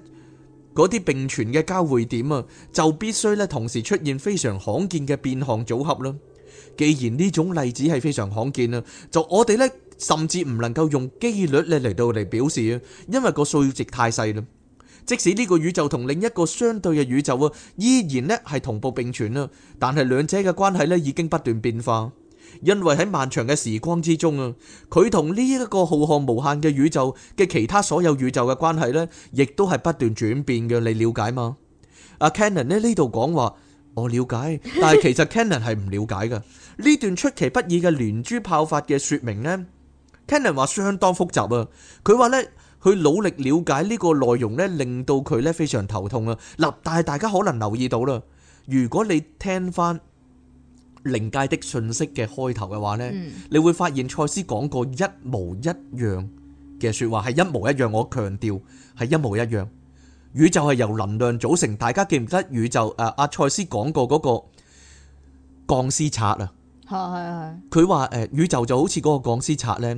嗰啲並存嘅交匯點啊，就必須咧同時出現非常罕見嘅變項組合啦。既然呢種例子係非常罕見啊，就我哋咧甚至唔能夠用機率咧嚟到嚟表示啊，因為個數值太細啦。即使呢個宇宙同另一個相對嘅宇宙啊，依然咧係同步並存啊，但係兩者嘅關係咧已經不斷變化。因為喺漫長嘅時光之中啊，佢同呢一個浩瀚無限嘅宇宙嘅其他所有宇宙嘅關係呢，亦都係不斷轉變嘅。你了解嘛。阿 Cannon 咧呢度講話，我了解，但係其實 Cannon 係唔了解嘅。呢段出其不意嘅連珠炮發嘅説明呢 Cannon 話相當複雜啊。佢話呢，佢努力了解呢個內容呢，令到佢呢非常頭痛啊。嗱，但係大家可能留意到啦，如果你聽翻，靈界的信息嘅開頭嘅話咧，你會發現賽斯講過一模一樣嘅說話，係一模一樣。我強調係一模一樣。宇宙係由能量組成，大家記唔記得宇宙？誒，阿賽斯講過嗰個鋼絲擦啊，係係係。佢話誒，宇宙就好似嗰個鋼絲擦咧，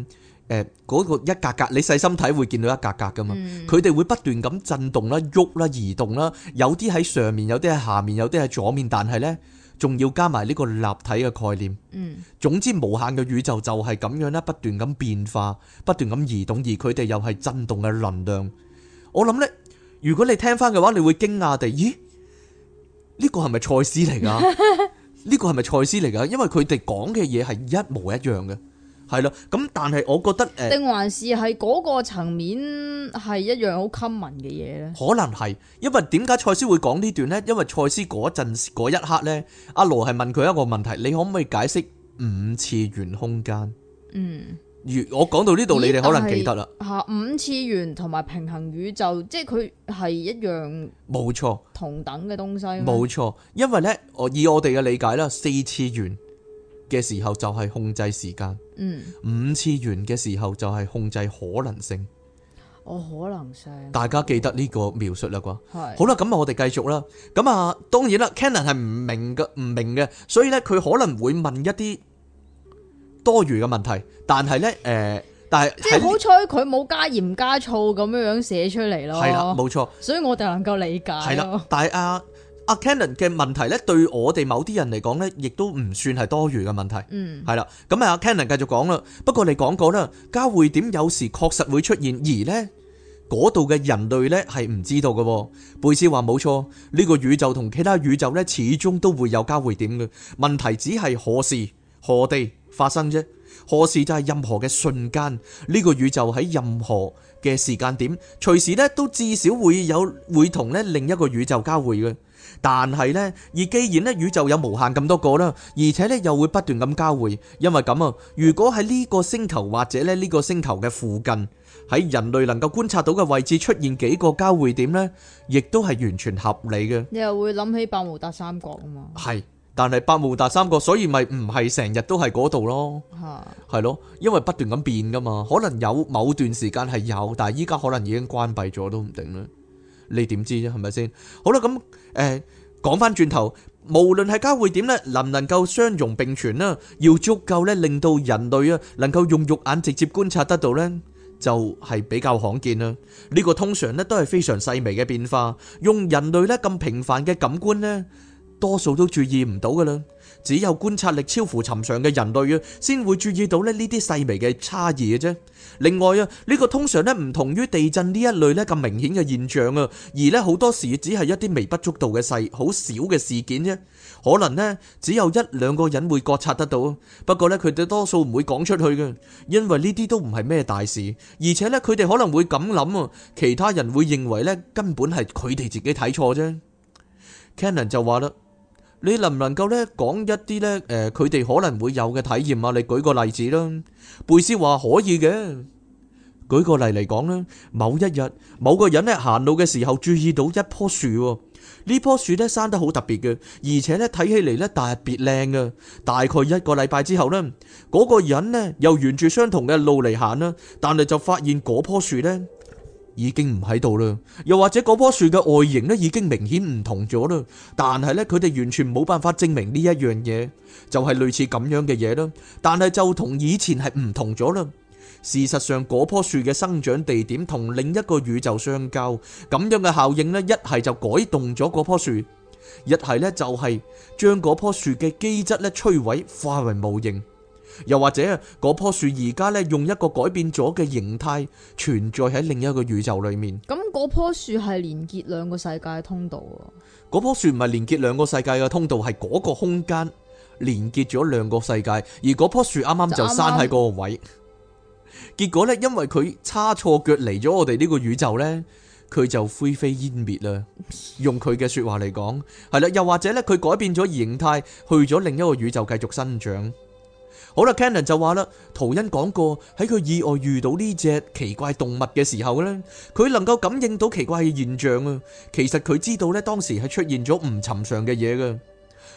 誒，嗰個一格格，你細心睇會見到一格格㗎嘛。佢哋會不斷咁震動啦、喐啦、移動啦，有啲喺上面，有啲喺下面，有啲喺左面，但係咧。仲要加埋呢個立體嘅概念，嗯，總之無限嘅宇宙就係咁樣啦，不斷咁變化，不斷咁移動，而佢哋又係震動嘅能量。我諗呢，如果你聽返嘅話，你會驚訝地，咦？呢個係咪賽斯嚟㗎？呢個係咪賽斯嚟㗎？因為佢哋講嘅嘢係一模一樣嘅。係咯，咁但係我覺得誒，定、呃、還是係嗰個層面係一樣好 common 嘅嘢呢？可能係，因為點解蔡司會講呢段呢？因為蔡司嗰陣時嗰一刻呢，阿羅係問佢一個問題，你可唔可以解釋五次元空間？嗯，如我講到呢度，咦你哋可能記得啦。吓，五次元同埋平衡宇宙，即係佢係一樣錯，冇錯，同等嘅東西。冇錯，因為呢，我以我哋嘅理解啦，四次元。嘅時候就係控制時間，嗯，五次元嘅時候就係控制可能性。我可能性，大家記得呢個描述啦啩。係，好啦，咁啊，我哋繼續啦。咁啊，當然啦，Cannon 係唔明嘅，唔明嘅，所以咧，佢可能會問一啲多餘嘅問題。但係咧，誒，但係即係好彩佢冇加鹽加醋咁樣樣寫出嚟咯。係啦，冇錯。所以我哋能夠理解。係啦，但係阿。阿 Canon 嘅問題咧，對我哋某啲人嚟講咧，亦都唔算係多餘嘅問題。嗯，係啦，咁啊，阿 Canon 繼續講啦。不過你講過啦，交匯點有時確實會出現，而咧嗰度嘅人類咧係唔知道嘅。貝斯話冇錯，呢個宇宙同其他宇宙咧，始終都會有交匯點嘅問題，只係何時何地發生啫。何時就係任何嘅瞬間，呢個宇宙喺任何嘅時間點，隨時咧都至少會有會同咧另一個宇宙交匯嘅。但係呢，而既然呢宇宙有無限咁多個啦，而且呢又會不斷咁交匯，因為咁啊，如果喺呢個星球或者呢呢個星球嘅附近，喺人類能夠觀察到嘅位置出現幾個交匯點呢，亦都係完全合理嘅。你又會諗起百慕達三角啊嘛？係，但係百慕達三角，所以咪唔係成日都喺嗰度咯。係咯，因為不斷咁變噶嘛，可能有某段時間係有，但係依家可能已經關閉咗都唔定啦。你點知啫？係咪先？好啦，咁誒講返轉頭，無論係交匯點呢，能唔能夠相容並存啦？要足夠呢，令到人類啊能夠用肉眼直接觀察得到呢，就係比較罕見啦。呢個通常呢都係非常細微嘅變化，用人類呢咁平凡嘅感官呢，多數都注意唔到㗎喇。只有觀察力超乎尋常嘅人類啊，先會注意到咧呢啲細微嘅差異嘅啫。另外啊，呢個通常咧唔同於地震呢一類咧咁明顯嘅現象啊，而咧好多時只係一啲微不足道嘅事，好少嘅事件啫。可能呢，只有一兩個人會覺察得到，不過呢，佢哋多數唔會講出去嘅，因為呢啲都唔係咩大事，而且呢，佢哋可能會咁諗啊，其他人會認為呢，根本係佢哋自己睇錯啫。Canon 就話啦。你能唔能夠咧講一啲咧誒，佢哋可能會有嘅體驗啊？你舉個例子啦。貝斯話可以嘅，舉個例嚟講咧，某一日某個人咧行路嘅時候注意到一棵樹，呢棵樹咧生得好特別嘅，而且咧睇起嚟咧特別靚啊。大概一個禮拜之後呢，嗰個人呢，又沿住相同嘅路嚟行啦，但係就發現嗰棵樹呢，已經唔喺度啦，又或者嗰棵樹嘅外形咧已經明顯唔同咗啦，但係咧佢哋完全冇辦法證明呢一樣嘢就係類似咁樣嘅嘢啦，但係就同以前係唔同咗啦。事實上，嗰棵樹嘅生長地點同另一個宇宙相交，咁樣嘅效應呢，一係就改動咗嗰棵樹，一係呢，就係將嗰棵樹嘅基質咧摧毀化為模型。又或者嗰棵樹而家咧用一個改變咗嘅形態存在喺另一個宇宙裏面。咁嗰棵樹係連結兩個世界嘅通道啊？嗰棵樹唔係連結兩個世界嘅通道，係嗰個空間連結咗兩個世界，而嗰棵樹啱啱就生喺嗰個位。剛剛結果呢，因為佢差錯腳嚟咗我哋呢個宇宙呢，佢就灰飛煙滅啦。 用佢嘅說話嚟講係啦，又或者咧，佢改變咗形態去咗另一個宇宙繼續生長。好啦 Cannon 就話啦，陶恩講過喺佢意外遇到呢隻奇怪動物嘅時候咧，佢能夠感應到奇怪嘅現象啊，其實佢知道咧，當時係出現咗唔尋常嘅嘢噶。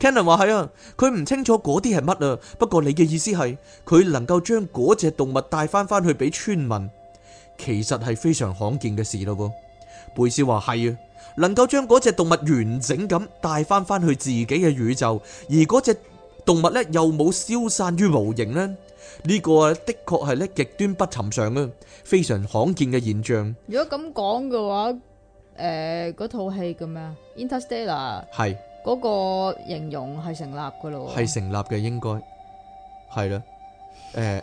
Kennon 話係啊，佢唔清楚嗰啲係乜啊，不過你嘅意思係佢能夠將嗰隻動物帶翻翻去俾村民，其實係非常罕見嘅事咯。貝斯話係啊，能夠將嗰隻動物完整咁帶翻翻去自己嘅宇宙，而嗰隻動物呢又冇消散於無形呢。呢、這個的確係咧極端不尋常啊，非常罕見嘅現象。如果咁講嘅話，誒、呃，嗰套戲嘅啊。Interstellar 係。嗰個形容係成立噶咯，係成立嘅應該係啦。誒，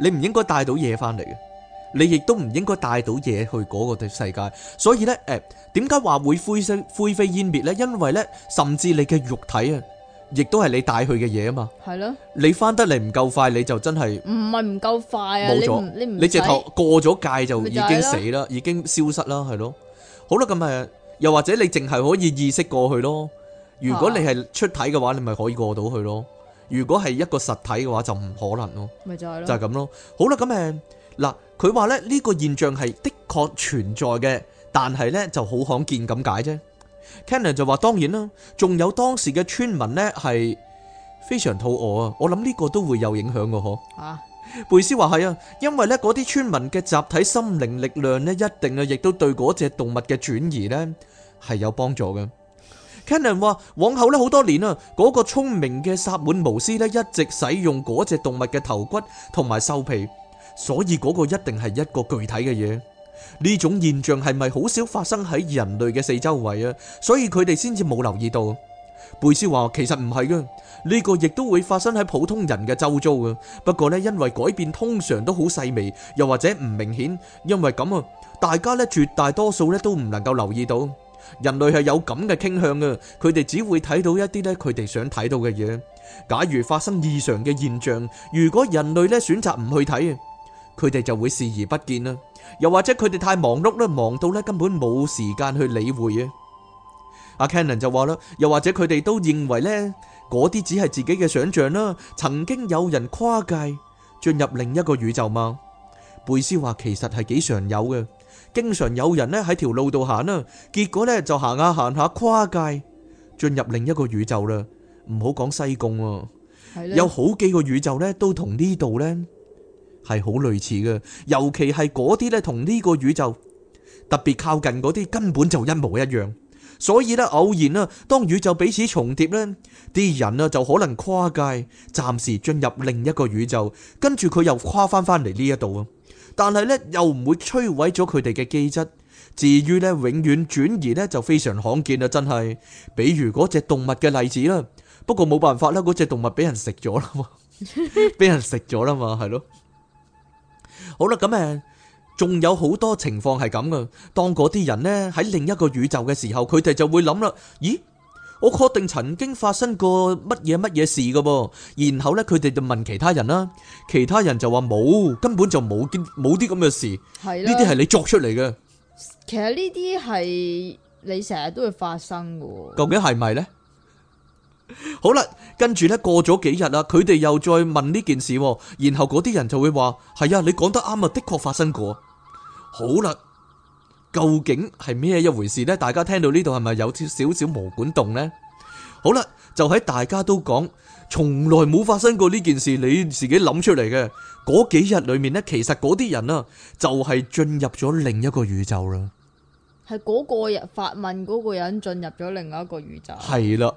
你唔應該帶到嘢翻嚟嘅，你亦都唔應該帶到嘢去嗰個世界。所以咧，誒，點解話會灰色灰飛煙滅咧？因為咧，甚至你嘅肉體啊，亦都係你帶去嘅嘢啊嘛。係咯，你翻得嚟唔夠快，你就真係唔係唔夠快啊！冇錯，你唔你直頭過咗界就已經死啦，已經消失啦，係咯。好啦，咁誒。又或者你淨係可以意識過去咯。如果你係出體嘅話，你咪可以過到去咯。如果係一個實體嘅話，就唔可能咯。咪就係咯，就係咁咯。好啦，咁誒嗱，佢話咧呢個現象係的確存在嘅，但係呢就好罕見咁解啫。Cannon 就話當然啦，仲有當時嘅村民呢係非常肚餓啊。我諗呢個都會有影響嘅，嗬、啊。貝斯話係啊，因為咧嗰啲村民嘅集體心靈力量咧，一定啊，亦都對嗰隻動物嘅轉移咧係有幫助嘅。Cannon 話往後咧好多年啊，嗰個聰明嘅薩滿巫師咧一直使用嗰隻動物嘅頭骨同埋獸皮，所以嗰個一定係一個具體嘅嘢。呢種現象係咪好少發生喺人類嘅四周圍啊？所以佢哋先至冇留意到。貝斯話其實唔係噶。呢個亦都會發生喺普通人嘅周遭噶不過咧因為改變通常都好細微，又或者唔明顯，因為咁啊，大家咧絕大多數咧都唔能夠留意到。人類係有咁嘅傾向噶，佢哋只會睇到一啲咧佢哋想睇到嘅嘢。假如發生異常嘅現象，如果人類咧選擇唔去睇啊，佢哋就會視而不見啦。又或者佢哋太忙碌啦，忙到咧根本冇時間去理會啊。阿 Cannon 就話啦，又或者佢哋都認為咧。嗰啲只係自己嘅想象啦。曾經有人跨界，進入另一個宇宙嗎？貝斯話其實係幾常有嘅，經常有人呢喺條路度行啦，結果呢就行下行下跨界進入另一個宇宙啦。唔好講西貢啊，有好幾個宇宙呢都同呢度呢係好類似嘅，尤其係嗰啲呢同呢個宇宙特別靠近嗰啲根本就一模一樣。所以咧，偶然啊，當宇宙彼此重疊咧，啲人啊就可能跨界，暫時進入另一個宇宙，跟住佢又跨翻翻嚟呢一度啊。但係咧，又唔會摧毀咗佢哋嘅機質。至於咧，永遠轉移咧就非常罕見啦，真係。比如嗰隻動物嘅例子啦，不過冇辦法啦，嗰隻動物俾人食咗啦嘛，俾人食咗啦嘛，係咯。好啦，咁啊。仲有好多情況係咁噶，當嗰啲人呢喺另一個宇宙嘅時候，佢哋就會諗啦。咦，我確定曾經發生過乜嘢乜嘢事噶噃。然後呢，佢哋就問其他人啦，其他人就話冇，根本就冇啲冇啲咁嘅事。係啦，呢啲係你作出嚟嘅。其實呢啲係你成日都會發生噶。究竟係咪呢？好啦，跟住呢過咗幾日啦，佢哋又再問呢件事，然後嗰啲人就會話：係啊，你講得啱啊，的確發生過。好啦，究竟係咩一回事呢？大家聽到呢度係咪有少少毛管戙呢？好啦，就喺大家都講從來冇發生過呢件事，你自己諗出嚟嘅嗰幾日裏面呢，其實嗰啲人啊就係進入咗另一個宇宙啦。係嗰個人發問，嗰個人進入咗另外一個宇宙。係啦。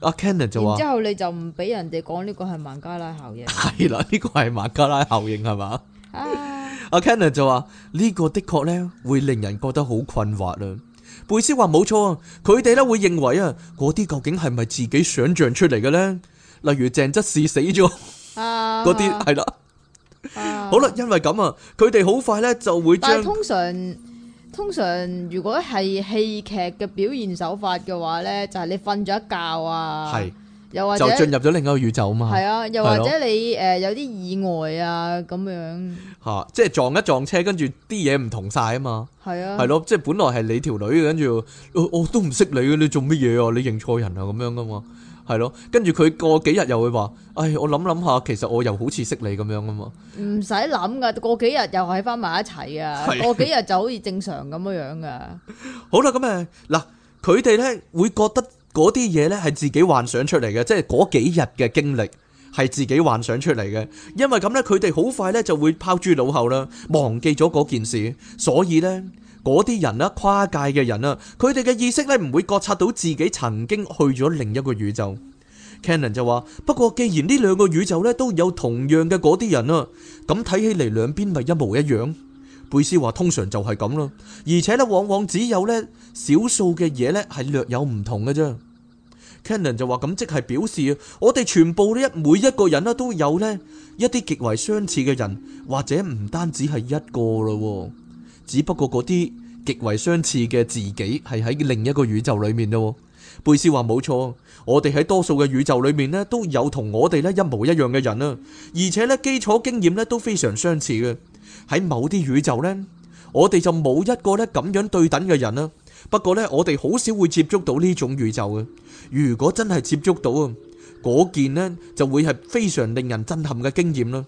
阿 Kenneth 就話，之後你就唔俾人哋講呢個係孟加拉效應。係啦，呢、這個係孟加拉效應係嘛？阿 Kenneth 就話呢個的確咧會令人覺得好困惑啊。貝斯話冇錯啊，佢哋咧會認為啊嗰啲究竟係咪自己想象出嚟嘅咧？例如鄭則仕死咗，嗰啲係啦。 好啦，因為咁啊，佢哋好快咧就會將通常。通常如果係戲劇嘅表現手法嘅話咧，就係、是、你瞓咗一覺啊，是又或者就進入咗另一個宇宙啊嘛，係啊，又或者你誒是、啊呃、有啲意外啊咁樣吓、啊，即係撞一撞車，跟住啲嘢唔同晒啊嘛，係是啊，啊，係咯，即係本來係你條女，跟住我我都唔識你嘅，你做乜嘢啊？你認錯人啊咁樣噶嘛？係咯，跟住佢過幾日又會話，唉，我諗諗下，其實我又好似識你咁樣啊嘛。唔使諗噶，過幾日又喺翻埋一齊啊，的過幾日就好似正常咁樣噶。 好啦，咁啊嗱，佢哋咧會覺得嗰啲嘢咧係自己幻想出嚟嘅，即係嗰幾日嘅經歷係自己幻想出嚟嘅，因為咁咧佢哋好快咧就會拋諸腦後啦，忘記咗嗰件事，所以咧，嗰啲人啦，跨界嘅人啦，佢哋嘅意識咧唔會覺察到自己曾經去咗另一個宇宙。Cannon 就話：不過既然呢兩個宇宙咧都有同樣嘅嗰啲人啊，咁睇起嚟兩邊咪一模一樣。貝斯話：通常就係咁咯，而且咧往往只有咧少數嘅嘢咧係略有唔同嘅啫。Cannon 就話：咁即係表示我哋全部咧每一個人咧都有呢一啲極為相似嘅人，或者唔單止係一個咯。只不過嗰啲極為相似嘅自己係喺另一個宇宙裏面咯。貝斯話，冇錯，我哋喺多數嘅宇宙裏面呢都有同我哋呢一模一樣嘅人啦，而且呢基礎經驗呢都非常相似嘅。喺某啲宇宙呢，我哋就冇一個呢咁樣對等嘅人啦。不過呢，我哋好少會接觸到呢種宇宙嘅。如果真係接觸到啊，嗰件呢就會係非常令人震撼嘅經驗啦。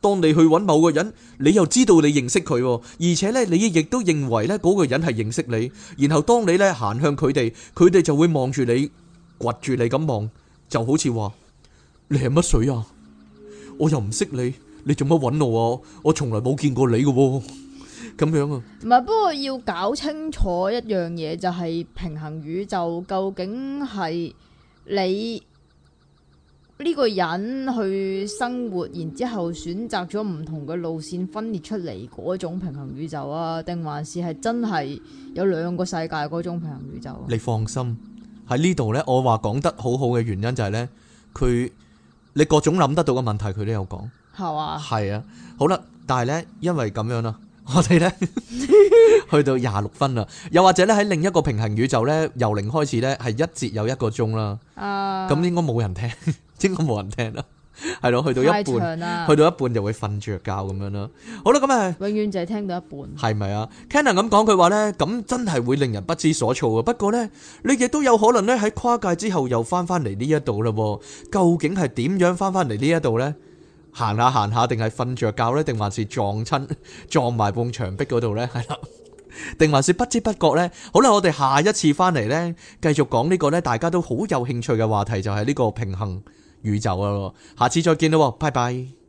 當你去揾某個人，你又知道你認識佢，而且咧你亦都認為咧嗰個人係認識你。然後當你咧行向佢哋，佢哋就會望住你，掘住你咁望，就好似話你係乜水啊？我又唔識你，你做乜揾我？我從來冇見過你嘅，咁樣啊？唔係，不過要搞清楚一樣嘢，就係平行宇宙究竟係你。呢個人去生活，然之後選擇咗唔同嘅路線，分裂出嚟嗰種平行宇宙啊？定還是係真係有兩個世界嗰種平行宇宙？你放心喺呢度咧，我話講得好好嘅原因就係咧，佢你各種諗得到嘅問題，佢都有講係嘛係啊。好啦，但係咧，因為咁樣啦，我哋咧去到廿六分啦，又或者咧喺另一個平行宇宙咧，由零開始咧係一節有一個鐘啦啊，咁應該冇人聽。應該冇人聽咯，係咯，去到一半，去到一半就會瞓著覺咁樣咯。好啦，咁啊，永遠就係聽到一半，係咪啊？Cannon 咁講，佢話咧，咁真係會令人不知所措啊。不過咧，你亦都有可能咧喺跨界之後又翻翻嚟呢一度啦。究竟係點樣翻翻嚟呢一度咧？行下行下，定係瞓著覺咧？定還是撞親撞埋埲牆壁嗰度咧？係咯，定還是不知不覺咧？好啦，我哋下一次翻嚟咧，繼續講呢個咧，大家都好有興趣嘅話題，就係呢個平行宇宙咯，下次再見咯，拜拜。